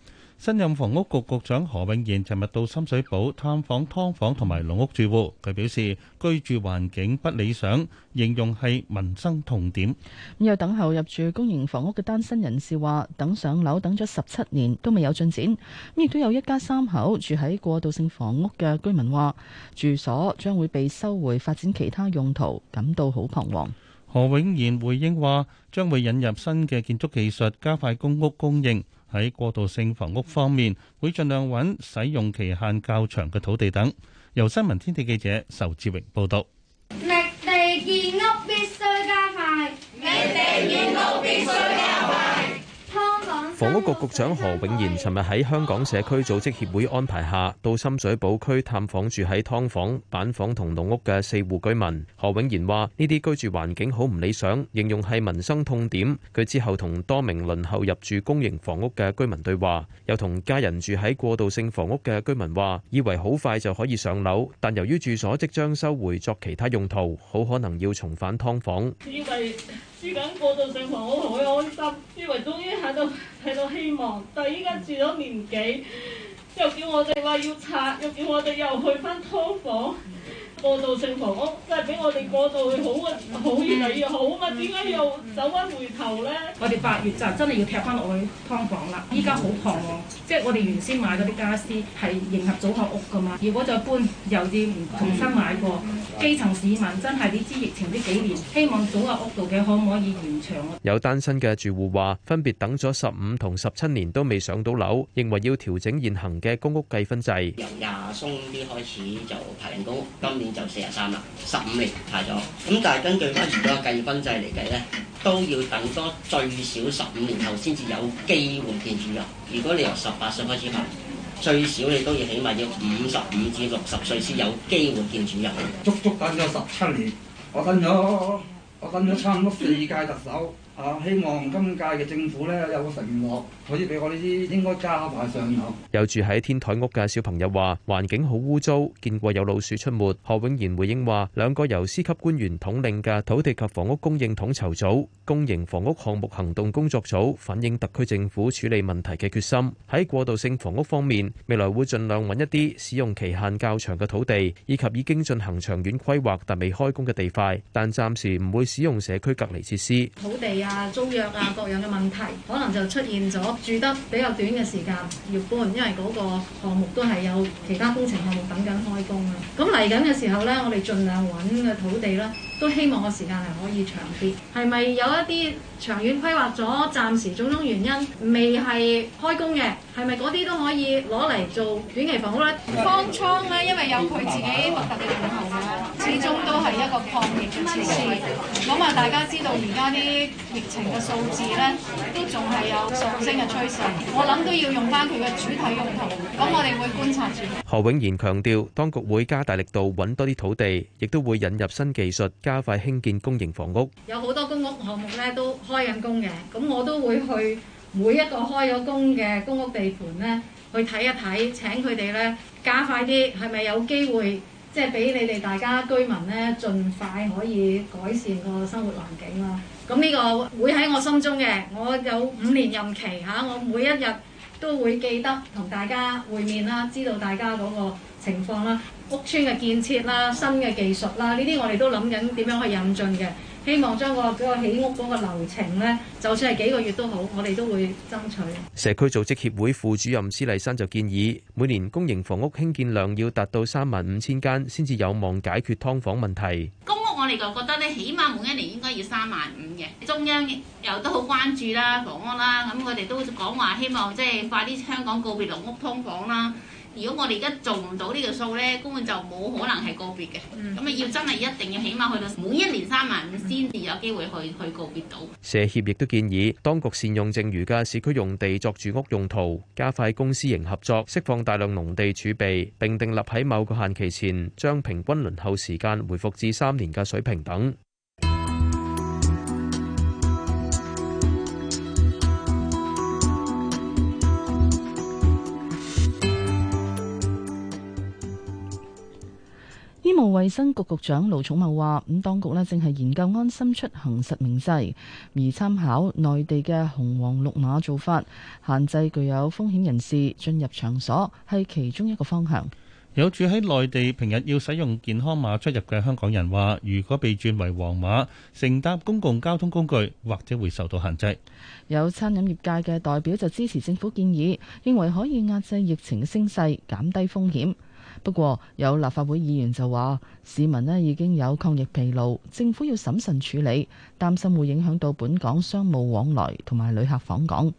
新任房屋局局長何永賢尋日到深水埗探訪劏房同埋農屋住戶，佢表示居住環境不理想，形容係民生痛點。咁有等候入住公營房屋嘅單身人士話：等上樓等咗十七年都未有進展。咁亦都有一家三口住喺過渡性房屋嘅居民話：住所將會被收回發展其他用途，感到好彷徨。何永賢回應話：將會引入新嘅建築技術，加快公屋供應。喺過渡性房屋方面，會盡量揾使用期限較長嘅土地等。由新聞天地記者仇志榮報道。 <noise> 房屋局局長何永賢尋日喺香港社區組織協會安排下，到深水埗區探訪住喺劏房、板房同籠屋嘅四戶居民。何永賢話：呢啲居住環境好唔理想，形容係民生痛點。佢之後同多名輪候入住公營房屋嘅居民對話，又同家人住喺過渡性房屋嘅居民話，以為好快就可以上樓，但由於住所即將收回作其他用途，好可能要重返劏房。以為住緊過渡性房屋好開心，以為終於喺度睇到希望，但係依家住咗年幾。 <laughs> 又叫我哋話要拆，又叫我哋又去翻、劏房、過渡性房屋，真係比我哋過渡嘅好啊，好越嚟越好啊！嘛點解又走翻回頭咧？我哋八月就真係要踢翻落去㓥房啦，依家好㒼喎，即係我哋原先買嗰啲家私係迎合組合屋㗎嘛，如果再搬又唔重新買過，基層市民真係呢支疫情呢幾年，希望組合屋度嘅可唔可以延長啊？有單身嘅住戶話，分別等咗十五同十七年都未上到樓，認為要調整現行嘅。公屋計分制 <noise> 由廿鬆啲開始就排名公屋，今年就四十三啦，十五年排咗。咁但係根據翻而家計分制嚟計咧，都要等多最少十五年後先至有機會見主任。如果你由十八歲開始排，最少你都要起碼要五十五至六十歲先有機會見主任。足足等咗十七年，我等咗，我等咗差唔多四屆特首。啊！希望今屆嘅政府咧有個承諾，可以俾我呢啲應該加快上樓。有住喺天台屋嘅小朋友話：環境好污糟，見過有老鼠出沒。何永賢回應話：兩個由司級官員統領嘅土地及房屋供應統籌組、公營房屋項目行動工作組，反映特區政府處理問題嘅決心。喺過渡性房屋方面，未來會盡量揾一啲使用期限較長嘅土地，以及已經進行長遠規劃但未開工嘅地塊，但暫時唔會使用社區隔離設施。土地啊！啊租約啊各樣嘅問題，可能就出現咗住得比較短嘅時間要搬，因為嗰個項目都係有其他工程項目等緊開工啊。咁嚟緊嘅時候咧，我哋盡量揾嘅土地啦。都希望個時間係可以長啲，係咪有一啲長遠規劃咗，暫時種種原因未係開工嘅，係咪嗰啲都可以攞嚟做短期房屋咧？方艙咧，因為有佢自己特定嘅用途，始終都係一個抗疫嘅措施。咁啊，大家知道而家啲疫情嘅數字咧，都仲係有上升嘅趨勢，我諗都要用翻佢嘅主體用途。咁我哋會觀察住。何永賢強調，當局會加大力度揾多啲土地，亦都會引入新技術。加快興建公營房屋，有好多公屋項目咧都開緊工嘅，咁我都會去每一個開咗工嘅公屋地盤咧去睇一睇，請佢哋咧加快啲，係咪有機會即係俾你哋大家居民咧盡快可以改善個生活環境啦？咁呢個會喺我心中嘅，我有五年任期吓，我每一日都會記得同大家會面啦，知道大家嗰個情況啦。屋邨嘅建設啦，新嘅技術啦，呢啲我哋都諗緊點樣去引進嘅，希望將個嗰個起屋嗰個流程咧，就算係幾個月都好，我哋都會爭取。社區組織協會副主任施麗珊就建議，每年公營房屋興建量要達到三萬五千間，先至有望解決劏房問題。公屋我哋就覺得咧，起碼每一年應該要三萬五嘅，中央又都好關注啦，房屋啦，咁我哋都講話希望即係快啲香港告別籠屋劏房啦。如果我哋而家做唔到呢個數呢，根本就冇可能係個別嘅。咁啊，要真係一定要起碼去到每一年三萬五先至有機會去去個別到。社協亦都建議當局善用剩餘嘅市區用地作住屋用途，加快公私營合作，釋放大量農地儲備，並訂立喺某個限期前將平均輪候時間回復至三年嘅水平等。衛生局局長盧寵茂話，咁當局呢正係研究安心出行實名制，而參考內地嘅紅黃綠碼做法，限制具有風險人士進入場所，係其中一個方向。有住喺內地、平日要使用健康碼出入嘅香港人話，如果被轉為黃碼，乘搭公共交通工具或者會受到限制。有餐飲業界嘅代表就支持政府建議，認為可以壓制疫情嘅升勢，減低風險。不過，有立法會議員就話：市民咧已經有抗疫疲勞，政府要審慎處理，擔心會影響到本港商務往來同埋旅客訪港。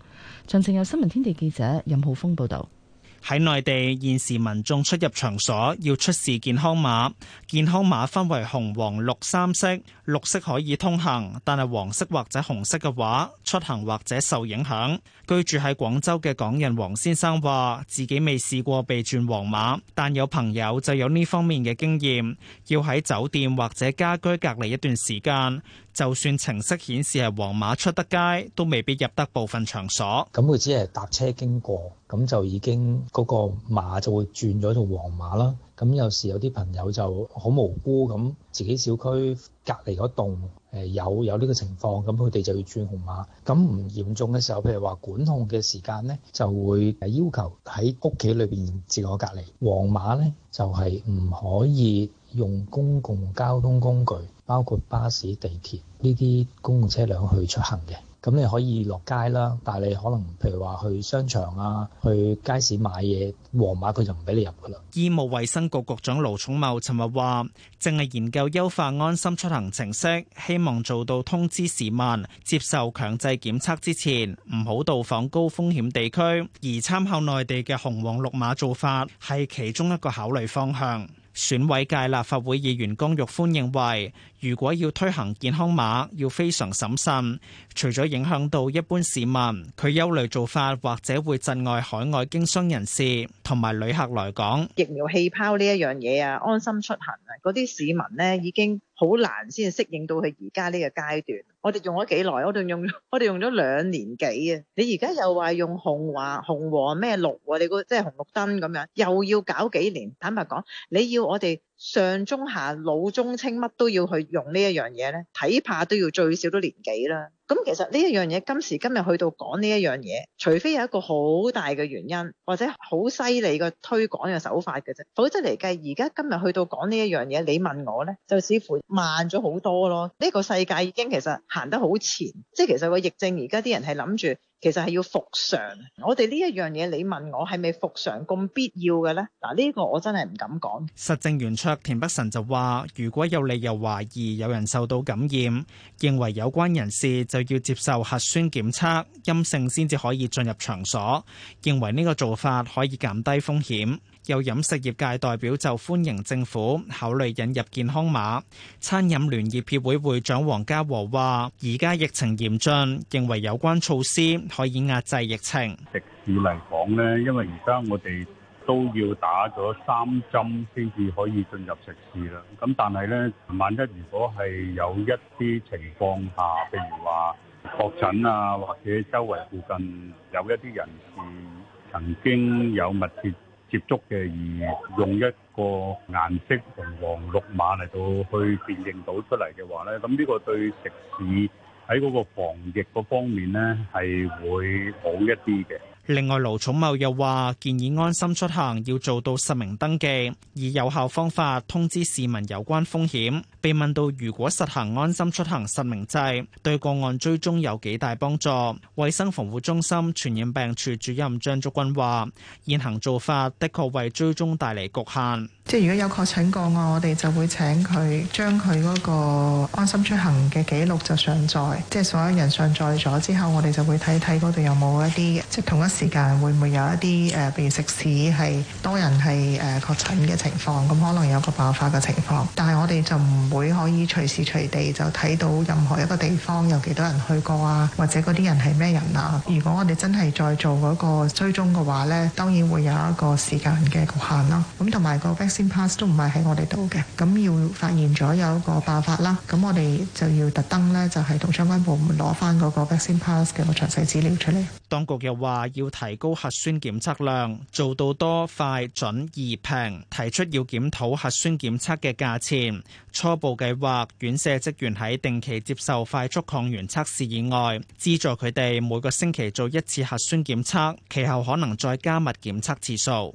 詳情由新聞天地記者任浩峰報道。喺內地現時，民眾出入場所要出示健康碼，健康碼分為紅、黃、綠三色，綠色可以通行，但係黃色或者紅色嘅話，出行或者受影響。居住喺廣州嘅港人黃先生話：自己未試過被轉黃碼，但有朋友就有呢方面嘅經驗，要喺酒店或者家居隔離一段時間。就算程式顯示係黃馬出得街，都未必入得部分場所。咁佢只係搭車經過，咁就已經嗰個馬就會轉咗做黃馬啦。咁有時有啲朋友就好無辜，咁自己小區隔離嗰棟有有呢個情況，咁佢哋就要轉紅馬。咁唔嚴重嘅時候，譬如話管控嘅時間呢，就會要求喺屋企裏邊自我隔離。黃馬呢，就係唔可以用公共交通工具。包括巴士、地鐵呢啲公共車輛去出行嘅，咁你可以落街啦，但係你可能譬如話去商場啊、去街市買嘢，黃碼佢就唔俾你入㗎啦。醫務衛生局局長盧寵茂尋日話正係研究優化安心出行程式，希望做到通知市民接受強制檢測之前，唔好到訪高風險地區，而參考內地嘅紅黃綠碼做法係其中一個考慮方向。選委界立法會議員江玉歡認為。如果要推行健康碼，要非常審慎。除咗影響到一般市民，佢憂慮做法或者會窒礙海外經商人士同埋旅客來講，疫苗氣泡呢一樣嘢啊，安心出行啊，嗰啲市民咧已經好難先適應到佢而家呢個階段。我哋用咗幾耐？我哋用我哋用咗兩年幾啊！你而家又話用紅黃紅黃咩綠啊？你個即係紅綠燈咁樣，又要搞幾年？坦白講，你要我哋。上中下老中青乜都要去用呢一樣嘢咧，睇怕都要最少都年幾啦。咁其實呢一樣嘢今時今日去到講呢一樣嘢，除非有一個好大嘅原因，或者好犀利嘅推廣嘅手法嘅啫。否則嚟計，而家今日去到講呢一樣嘢，你問我呢，就似乎慢咗好多咯。呢個世界已經其實行得好前，即係其實個疫症而家啲人係諗住，其實係要復常。我哋呢一樣嘢，你問我係咪復常咁必要嘅呢？嗱，呢個我真係唔敢講。實政圓桌田北辰就話：如果有理由懷疑有人受到感染，認為有關人士就要接受核酸檢測，陰性先至可以進入場所。認為呢個做法可以減低風險。有飲食業界代表就歡迎政府考慮引入健康碼。餐飲聯業協會會長黃家和話，而家疫情嚴峻，認為有關措施可以壓制疫情。食肆嚟講咧，因為而家我哋。都要打咗三針先至可以進入食肆啦。咁但係咧，萬一如果係有一啲情況下，譬如話確診啊，或者周圍附近有一啲人士曾經有密切接觸嘅，而用一個顏色紅黃綠碼嚟到去辨認到出嚟嘅話咧，咁呢個對食肆喺嗰個防疫嗰方面咧，係會好一啲嘅。另外，盧寵茂又話建議安心出行要做到實名登記，以有效方法通知市民有關風險。被問到如果實行安心出行實名制，對個案追蹤有幾大幫助？衛生防護中心傳染病處主任張竹君話：現行做法的確為追蹤帶嚟局限。即係如果有確診個案，我哋就會請佢將佢嗰個安心出行嘅記錄就上載。即係所有人上載咗之後，我哋就會睇睇嗰度有冇一啲即係同一。時間會唔會有一啲誒，譬、呃、如食肆係多人係誒、呃、確診嘅情況，咁可能有個爆發嘅情況。但係我哋就唔會可以隨時隨地就睇到任何一個地方有幾多人去過啊，或者嗰啲人係咩人啊。如果我哋真係在做嗰個追蹤嘅話咧，當然會有一個時間嘅局限啦。咁同埋個 vaccine pass 都唔係喺我哋度嘅，咁要發現咗有一個爆發啦，咁我哋就要特登咧就係同相關部門攞翻嗰個 vaccine pass 嘅個詳細資料出嚟。當局又話要提高核酸檢測量，做到多、快、準、易、平。提出要檢討核酸檢測嘅價錢。初步計劃，院舍職員喺定期接受快速抗原測試以外，資助佢哋每個星期做一次核酸檢測，其後可能再加密檢測次數。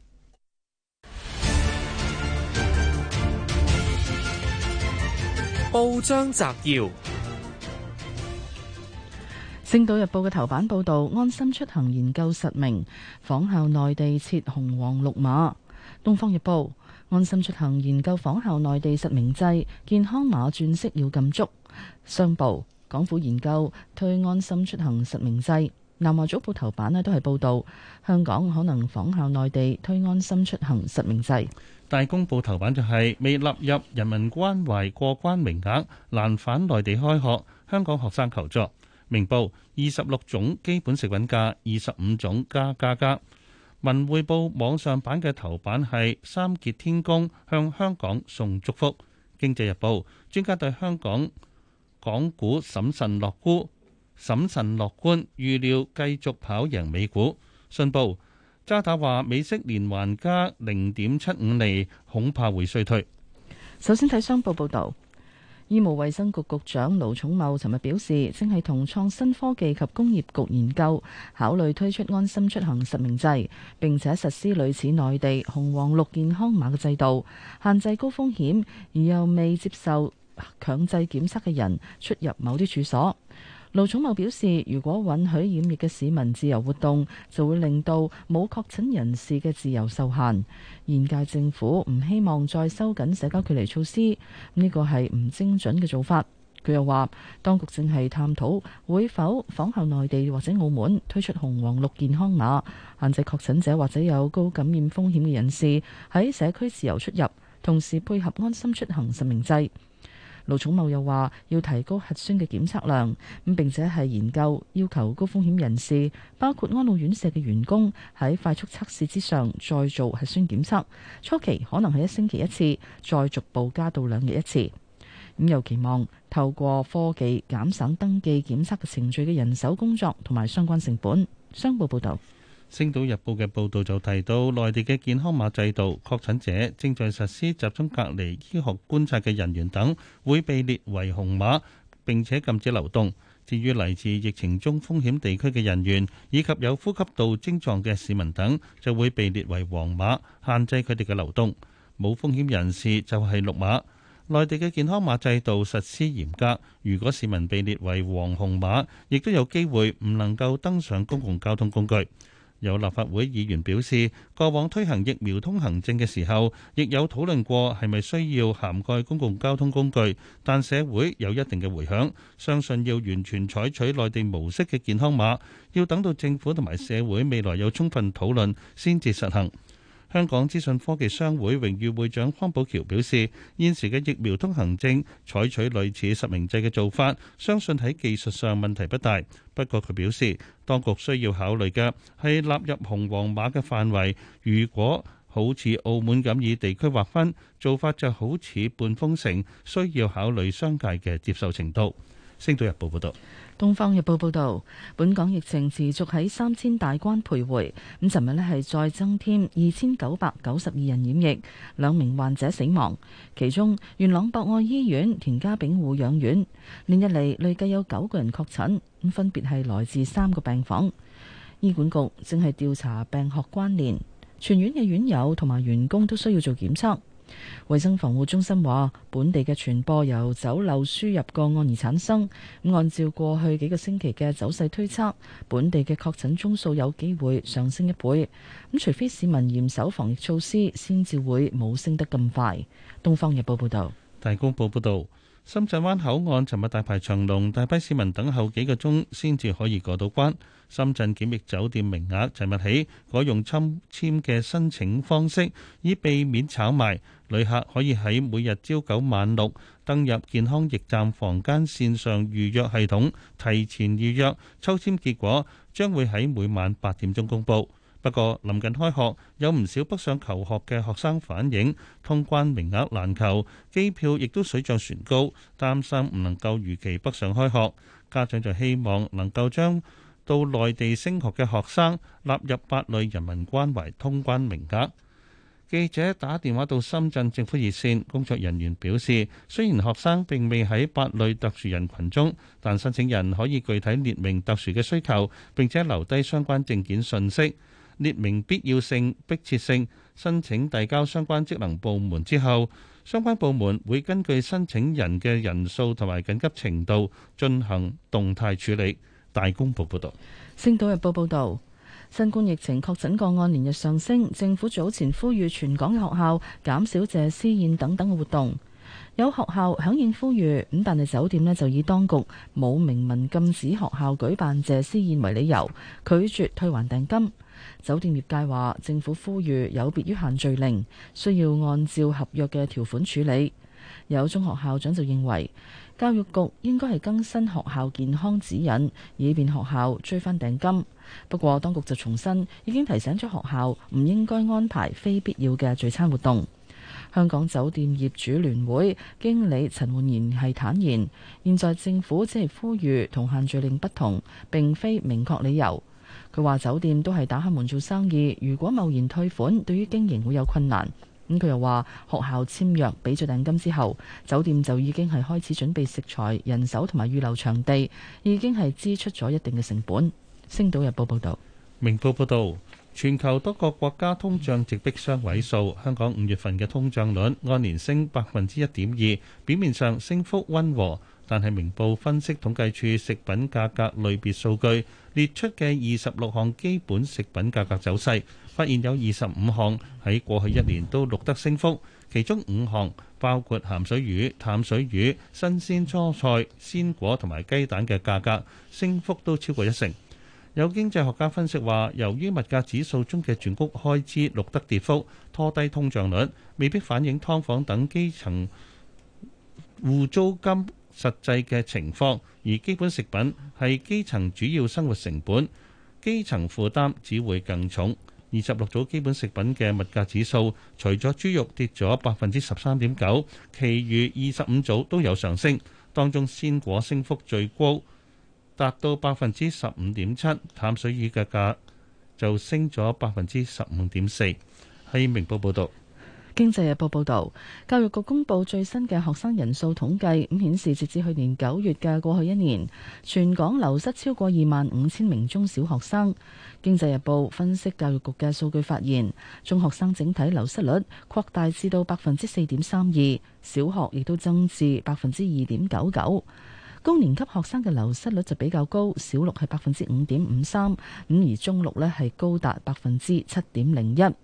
報章摘要：《星島日報》嘅頭版報道，安心出行研究實名仿效內地設紅黃綠碼；《東方日報》安心出行研究仿效內地實名制健康碼轉色要禁足；商報港府研究推安心出行實名制。南華早報頭版咧都係報道香港可能仿效內地推安心出行實名制。大公報頭版就係未納入人民關懷過關名額難返內地開學，香港學生求助。明報二十六種基本食品價二十五種加價格。文匯報網上版嘅頭版係三傑天宮向香港送祝福。經濟日報專家對香港港股審慎樂觀。審慎樂觀，預料繼續跑贏美股。信報渣打話，美息連環加零點七五厘，恐怕會衰退。首先睇商報報道，醫務衛生局局長盧寵茂尋日表示，正係同創新科技及工業局研究，考慮推出安心出行實名制，並且實施類似內地紅黃綠健康碼嘅制度，限制高風險而又未接受強制檢測嘅人出入某啲處所。盧寵茂表示，如果允許染疫嘅市民自由活動，就會令到冇確診人士嘅自由受限。現屆政府唔希望再收緊社交距離措施，呢個係唔精準嘅做法。佢又話，當局正係探討會否仿效內地或者澳門推出紅黃綠健康碼，限制確診者或者有高感染風險嘅人士喺社區自由出入，同時配合安心出行實名制。盧寵茂又話：要提高核酸嘅檢測量，咁並且係研究要求高風險人士，包括安老院舍嘅員工喺快速測試之上再做核酸檢測，初期可能係一星期一次，再逐步加到兩日一次。咁又期望透過科技減省登記檢測嘅程序嘅人手工作同埋相關成本。商報報道。星島日報嘅報道就提到，內地嘅健康碼制度，確診者正在實施集中隔離醫學觀察嘅人員等會被列為紅碼，並且禁止流動。至於來自疫情中風險地區嘅人員以及有呼吸道症狀嘅市民等，就會被列為黃碼，限制佢哋嘅流動。冇風險人士就係綠碼。內地嘅健康碼制度實施嚴格，如果市民被列為黃紅碼，亦都有機會唔能夠登上公共交通工具。有立法會議員表示，過往推行疫苗通行證嘅時候，亦有討論過係咪需要涵蓋公共交通工具，但社會有一定嘅迴響，相信要完全採取內地模式嘅健康碼，要等到政府同埋社會未來有充分討論先至實行。香港資訊科技商會榮譽會長方保僑表示，現時嘅疫苗通行證採取類似實名制嘅做法，相信喺技術上問題不大。不過，佢表示，當局需要考慮嘅係納入紅黃碼嘅範圍。如果好似澳門噉以地區劃分做法，就好似半封城，需要考慮商界嘅接受程度。星島日報報道。《東方日報》報導，本港疫情持續喺三千大關徘徊。咁，尋日呢係再增添二千九百九十二人染疫，兩名患者死亡。其中元朗博愛醫院、田家炳護養院連日嚟累計有九個人確診，咁分別係來自三個病房。醫管局正係調查病學關聯，全院嘅院友同埋員工都需要做檢測。衛生防護中心話，本地嘅傳播由走漏輸入個案而產生。咁按照過去幾個星期嘅走勢推測，本地嘅確診宗數有機會上升一倍。咁除非市民嚴守防疫措施，先至會冇升得咁快。東方日報報道，大公報報道。深圳灣口岸尋日大排長龍，大批市民等候幾個鐘先至可以過到關。深圳檢疫酒店名額尋日起改用抽籤嘅申請方式，以避免炒賣。旅客可以喺每日朝九晚六登入健康驛站房間線上預約系統，提前預約。抽籤結果將會喺每晚八點鐘公布。不過，臨近開學，有唔少北上求學嘅學生反映，通關名額難求，機票亦都水漲船高，擔心唔能夠如期北上開學。家長就希望能夠將到內地升學嘅學生納入八類人民關懷通關名額。記者打電話到深圳政府熱線，工作人員表示，雖然學生並未喺八類特殊人群中，但申請人可以具體列明特殊嘅需求，並且留低相關證件信息。列明必要性、迫切性，申請遞交相關職能部門之後，相關部門會根據申請人嘅人數同埋緊急程度進行動態處理。大公報報道，《星島日報》報道，新冠疫情確診個案連日上升，政府早前呼籲全港嘅學校減少謝師宴等等嘅活動。有學校響應呼籲，咁但係酒店呢就以當局冇明文禁止學校舉辦謝師宴為理由，拒絕退還訂金。酒店業界話，政府呼籲有別於限聚令，需要按照合約嘅條款處理。有中學校長就認為，教育局應該係更新學校健康指引，以便學校追翻定金。不過，當局就重申，已經提醒咗學校，唔應該安排非必要嘅聚餐活動。香港酒店業主聯會經理陳煥然係坦言，現在政府只係呼籲同限聚令不同，並非明確理由。佢話：酒店都係打開門做生意，如果貿然退款，對於經營會有困難。咁佢又話：學校簽約俾咗訂金之後，酒店就已經係開始準備食材、人手同埋預留場地，已經係支出咗一定嘅成本。星島日報報導，明報報導，全球多個國家通脹直逼雙位數。香港五月份嘅通脹率按年升百分之一點二，表面上升幅溫和，但係明報分析統計處食品價格類別數據。列出嘅二十六項基本食品價格走勢，發現有二十五項喺過去一年都錄得升幅，其中五項包括鹹水魚、淡水魚、新鮮蔬菜、鮮果同埋雞蛋嘅價格升幅都超過一成。有經濟學家分析話，由於物價指數中嘅住屋開支錄得跌幅，拖低通脹率，未必反映劏房等基層戶租金。實際嘅情況，而基本食品係基層主要生活成本，基層負擔只會更重。二十六組基本食品嘅物價指數，除咗豬肉跌咗百分之十三點九，其餘二十五組都有上升。當中鮮果升幅最高，達到百分之十五點七，淡水魚價格就升咗百分之十五點四。喺明報報導。經濟日報報道，教育局公布最新嘅學生人數統計，咁顯示截至去年九月嘅過去一年，全港流失超過二萬五千名中小學生。經濟日報分析教育局嘅數據發現，中學生整體流失率擴大至到百分之四點三二，小學亦都增至百分之二點九九。高年級學生嘅流失率就比較高，小六係百分之五點五三，咁而中六呢係高達百分之七點零一。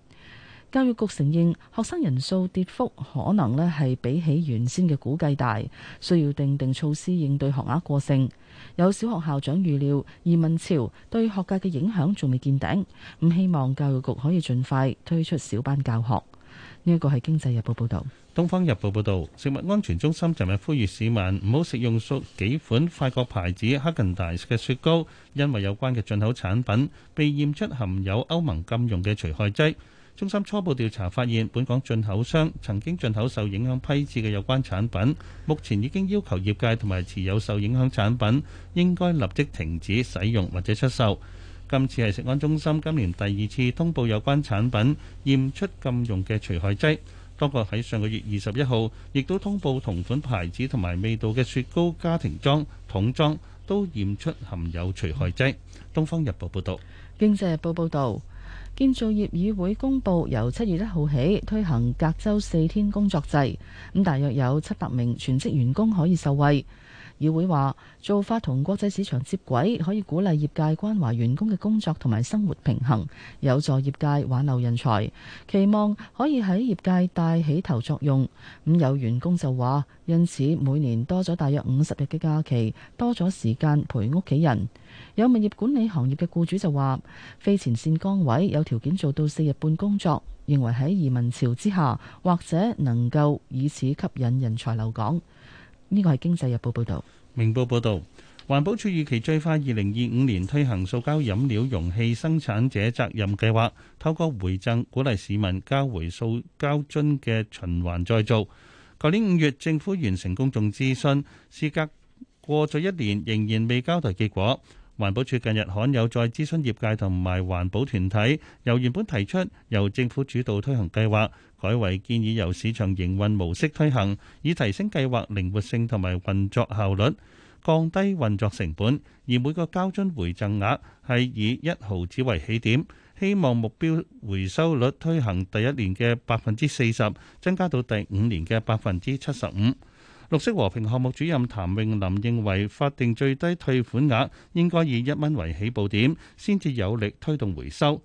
教育局承認學生人數跌幅可能咧係比起原先嘅估計大，需要訂定措施應對學額過剩。有小學校長預料移民潮對學界嘅影響仲未見頂，咁希望教育局可以盡快推出小班教學。呢一個係《經濟日報》報導，《東方日報》報導，食物安全中心昨日呼籲市民唔好食用數幾款法國牌子黑人大食嘅雪糕，因為有關嘅進口產品被驗出含有歐盟禁用嘅除害劑。中心初步調查發現，本港進口商曾經進口受影響批次嘅有關產品，目前已經要求業界同埋持有受影響產品應該立即停止使用或者出售。今次係食安中心今年第二次通報有關產品驗出禁用嘅除害劑，不過喺上個月二十一號亦都通報同款牌子同埋味道嘅雪糕家庭裝桶裝都驗出含有除害劑。《東方日報》報道。《經濟日報》報導。建造業議會公布，由七月一號起推行隔周四天工作制，咁大約有七百名全職員工可以受惠。議會話做法同國際市場接軌，可以鼓勵業界關懷員工嘅工作同埋生活平衡，有助業界挽留人才。期望可以喺業界帶起頭作用。咁有員工就話，因此每年多咗大約五十日嘅假期，多咗時間陪屋企人。有物業管理行業嘅僱主就話，非前線崗位有條件做到四日半工作，認為喺移民潮之下，或者能夠以此吸引人才留港。呢個係《經濟日報》報道，《明報》報道，環保署預期最快二零二五年推行塑膠飲料容器生產者責任計劃，透過回贈鼓勵市民交回塑膠樽嘅循環再造。去年五月，政府完成公眾諮詢，事隔過咗一年，仍然未交代結果。環保署近日罕有再諮詢業界同埋環保團體，由原本提出由政府主導推行計劃，改為建議由市場營運模式推行，以提升計劃靈活性同埋運作效率，降低運作成本。而每個膠樽回贈額係以一毫子為起點，希望目標回收率推行第一年嘅百分之四十，增加到第五年嘅百分之七十五。綠色和平項目主任譚詠林認為，法定最低退款額應該以一蚊為起步點，先至有力推動回收。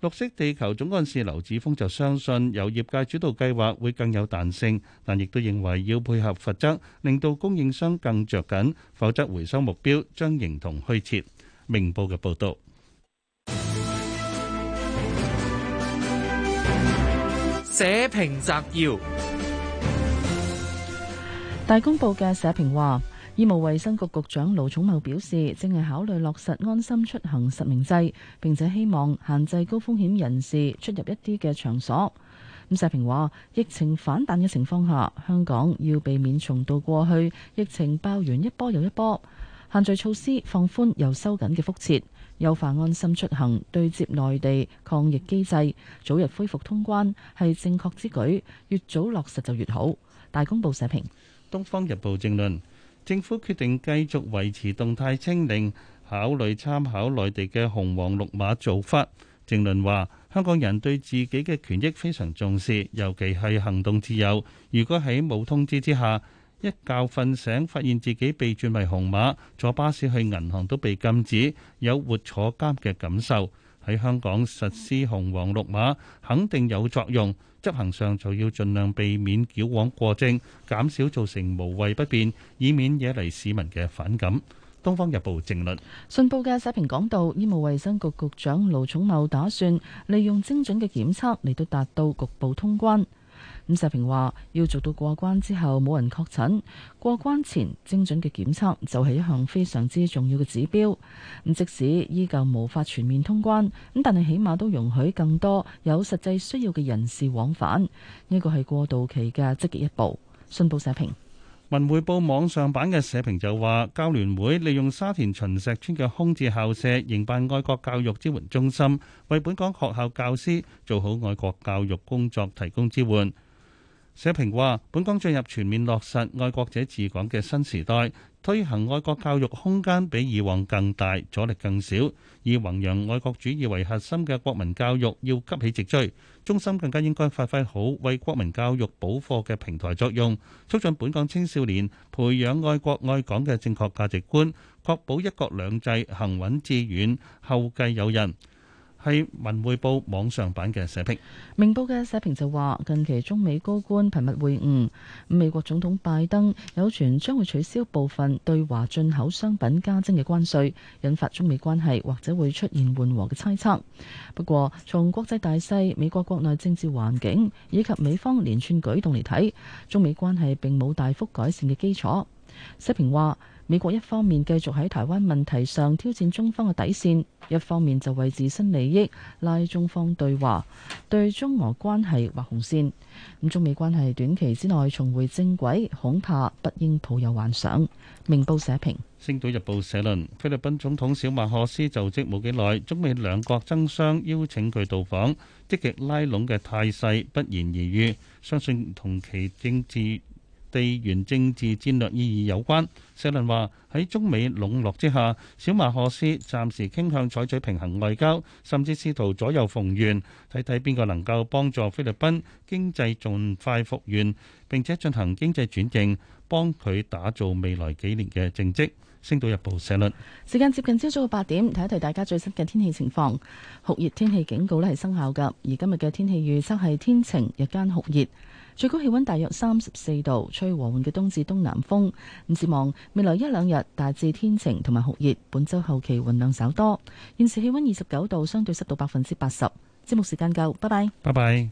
綠色地球總幹事劉子峰就相信，由業界主導計劃會更有彈性，但亦都認為要配合罰則，令到供應商更著緊，否則回收目標將形同虛設。明報嘅報道。社評摘要。大公報嘅社評話，醫務衛生局局長盧寵茂表示，正係考慮落實安心出行實名制，並且希望限制高風險人士出入一啲嘅場所。咁社評話，疫情反彈嘅情況下，香港要避免重蹈過去疫情爆完一波又一波，限聚措施放寬又收緊嘅覆轍，優化安心出行對接內地抗疫機制，早日恢復通關係正確之舉，越早落實就越好。大公報社評。《東方日報》政論：政府決定繼續維持動態清零，考慮參考內地嘅紅黃綠碼做法。政論話：香港人對自己嘅權益非常重視，尤其係行動自由。如果喺冇通知之下，一覺瞓醒醒發現自己被轉為紅碼，坐巴士去銀行都被禁止，有活坐監嘅感受。喺香港實施紅黃綠碼肯定有作用，執行上就要盡量避免矯枉過正，減少造成無謂不便，以免惹嚟市民嘅反感。《東方日報》政論。信報嘅社評講到，醫務衛生局局長盧寵茂打算利用精準嘅檢測嚟到達到局部通關。咁社評話要做到過關之後冇人確診，過關前精準嘅檢測就係一項非常之重要嘅指標。咁即使依舊無法全面通關，咁但係起碼都容許更多有實際需要嘅人士往返，呢個係過渡期嘅積極一步。信報社評，《文匯報》網上版嘅社評就話，教聯會利用沙田秦石村嘅空置校舍，營辦愛國教育支援中心，為本港學校教師做好愛國教育工作提供支援。社評話：本港進入全面落實愛國者治港嘅新時代，推行愛國教育空間比以往更大，阻力更少，以弘揚愛國主義為核心嘅國民教育要急起直追，中心更加應該發揮好為國民教育補課嘅平台作用，促進本港青少年培養愛國愛港嘅正確價值觀，確保一國兩制行穩致遠，後繼有人。係《文匯報》網上版嘅社評，明報嘅社評就話：近期中美高官頻密會晤，美國總統拜登有傳將會取消部分對華進口商品加徵嘅關稅，引發中美關係或者會出現緩和嘅猜測。不過，從國際大勢、美國國內政治環境以及美方連串舉動嚟睇，中美關係並冇大幅改善嘅基礎。社評話：美國一方面繼續喺台灣問題上挑戰中方嘅底線，一方面就為自身利益拉中方對話，對中俄關係畫紅線。咁中美關係短期之內重回正軌，恐怕不應抱有幻想。明報社評，《星島日報》社論：菲律賓總統小馬可斯就職冇幾耐，中美兩國爭相邀請佢到訪，積極拉攏嘅態勢不言而喻。相信同其政治地緣政治戰略意義有關，社論話喺中美籠絡之下，小馬可斯暫時傾向採取平衡外交，甚至試圖左右逢源，睇睇邊個能夠幫助菲律賓經濟盡快復原，並且進行經濟轉型，幫佢打造未來幾年嘅政績。星島日報社論。時間接近朝早嘅八點，睇一睇大家最新嘅天氣情況。酷熱天氣警告咧係生效㗎，而今日嘅天氣預測係天晴，日間酷熱。最高氣溫大約三十四度，吹和緩嘅東至東南風。展望未來一兩日大致天晴同埋酷熱，本週後期雲量稍多。現時氣溫二十九度，相對濕度百分之八十。節目時間夠，拜拜，拜拜。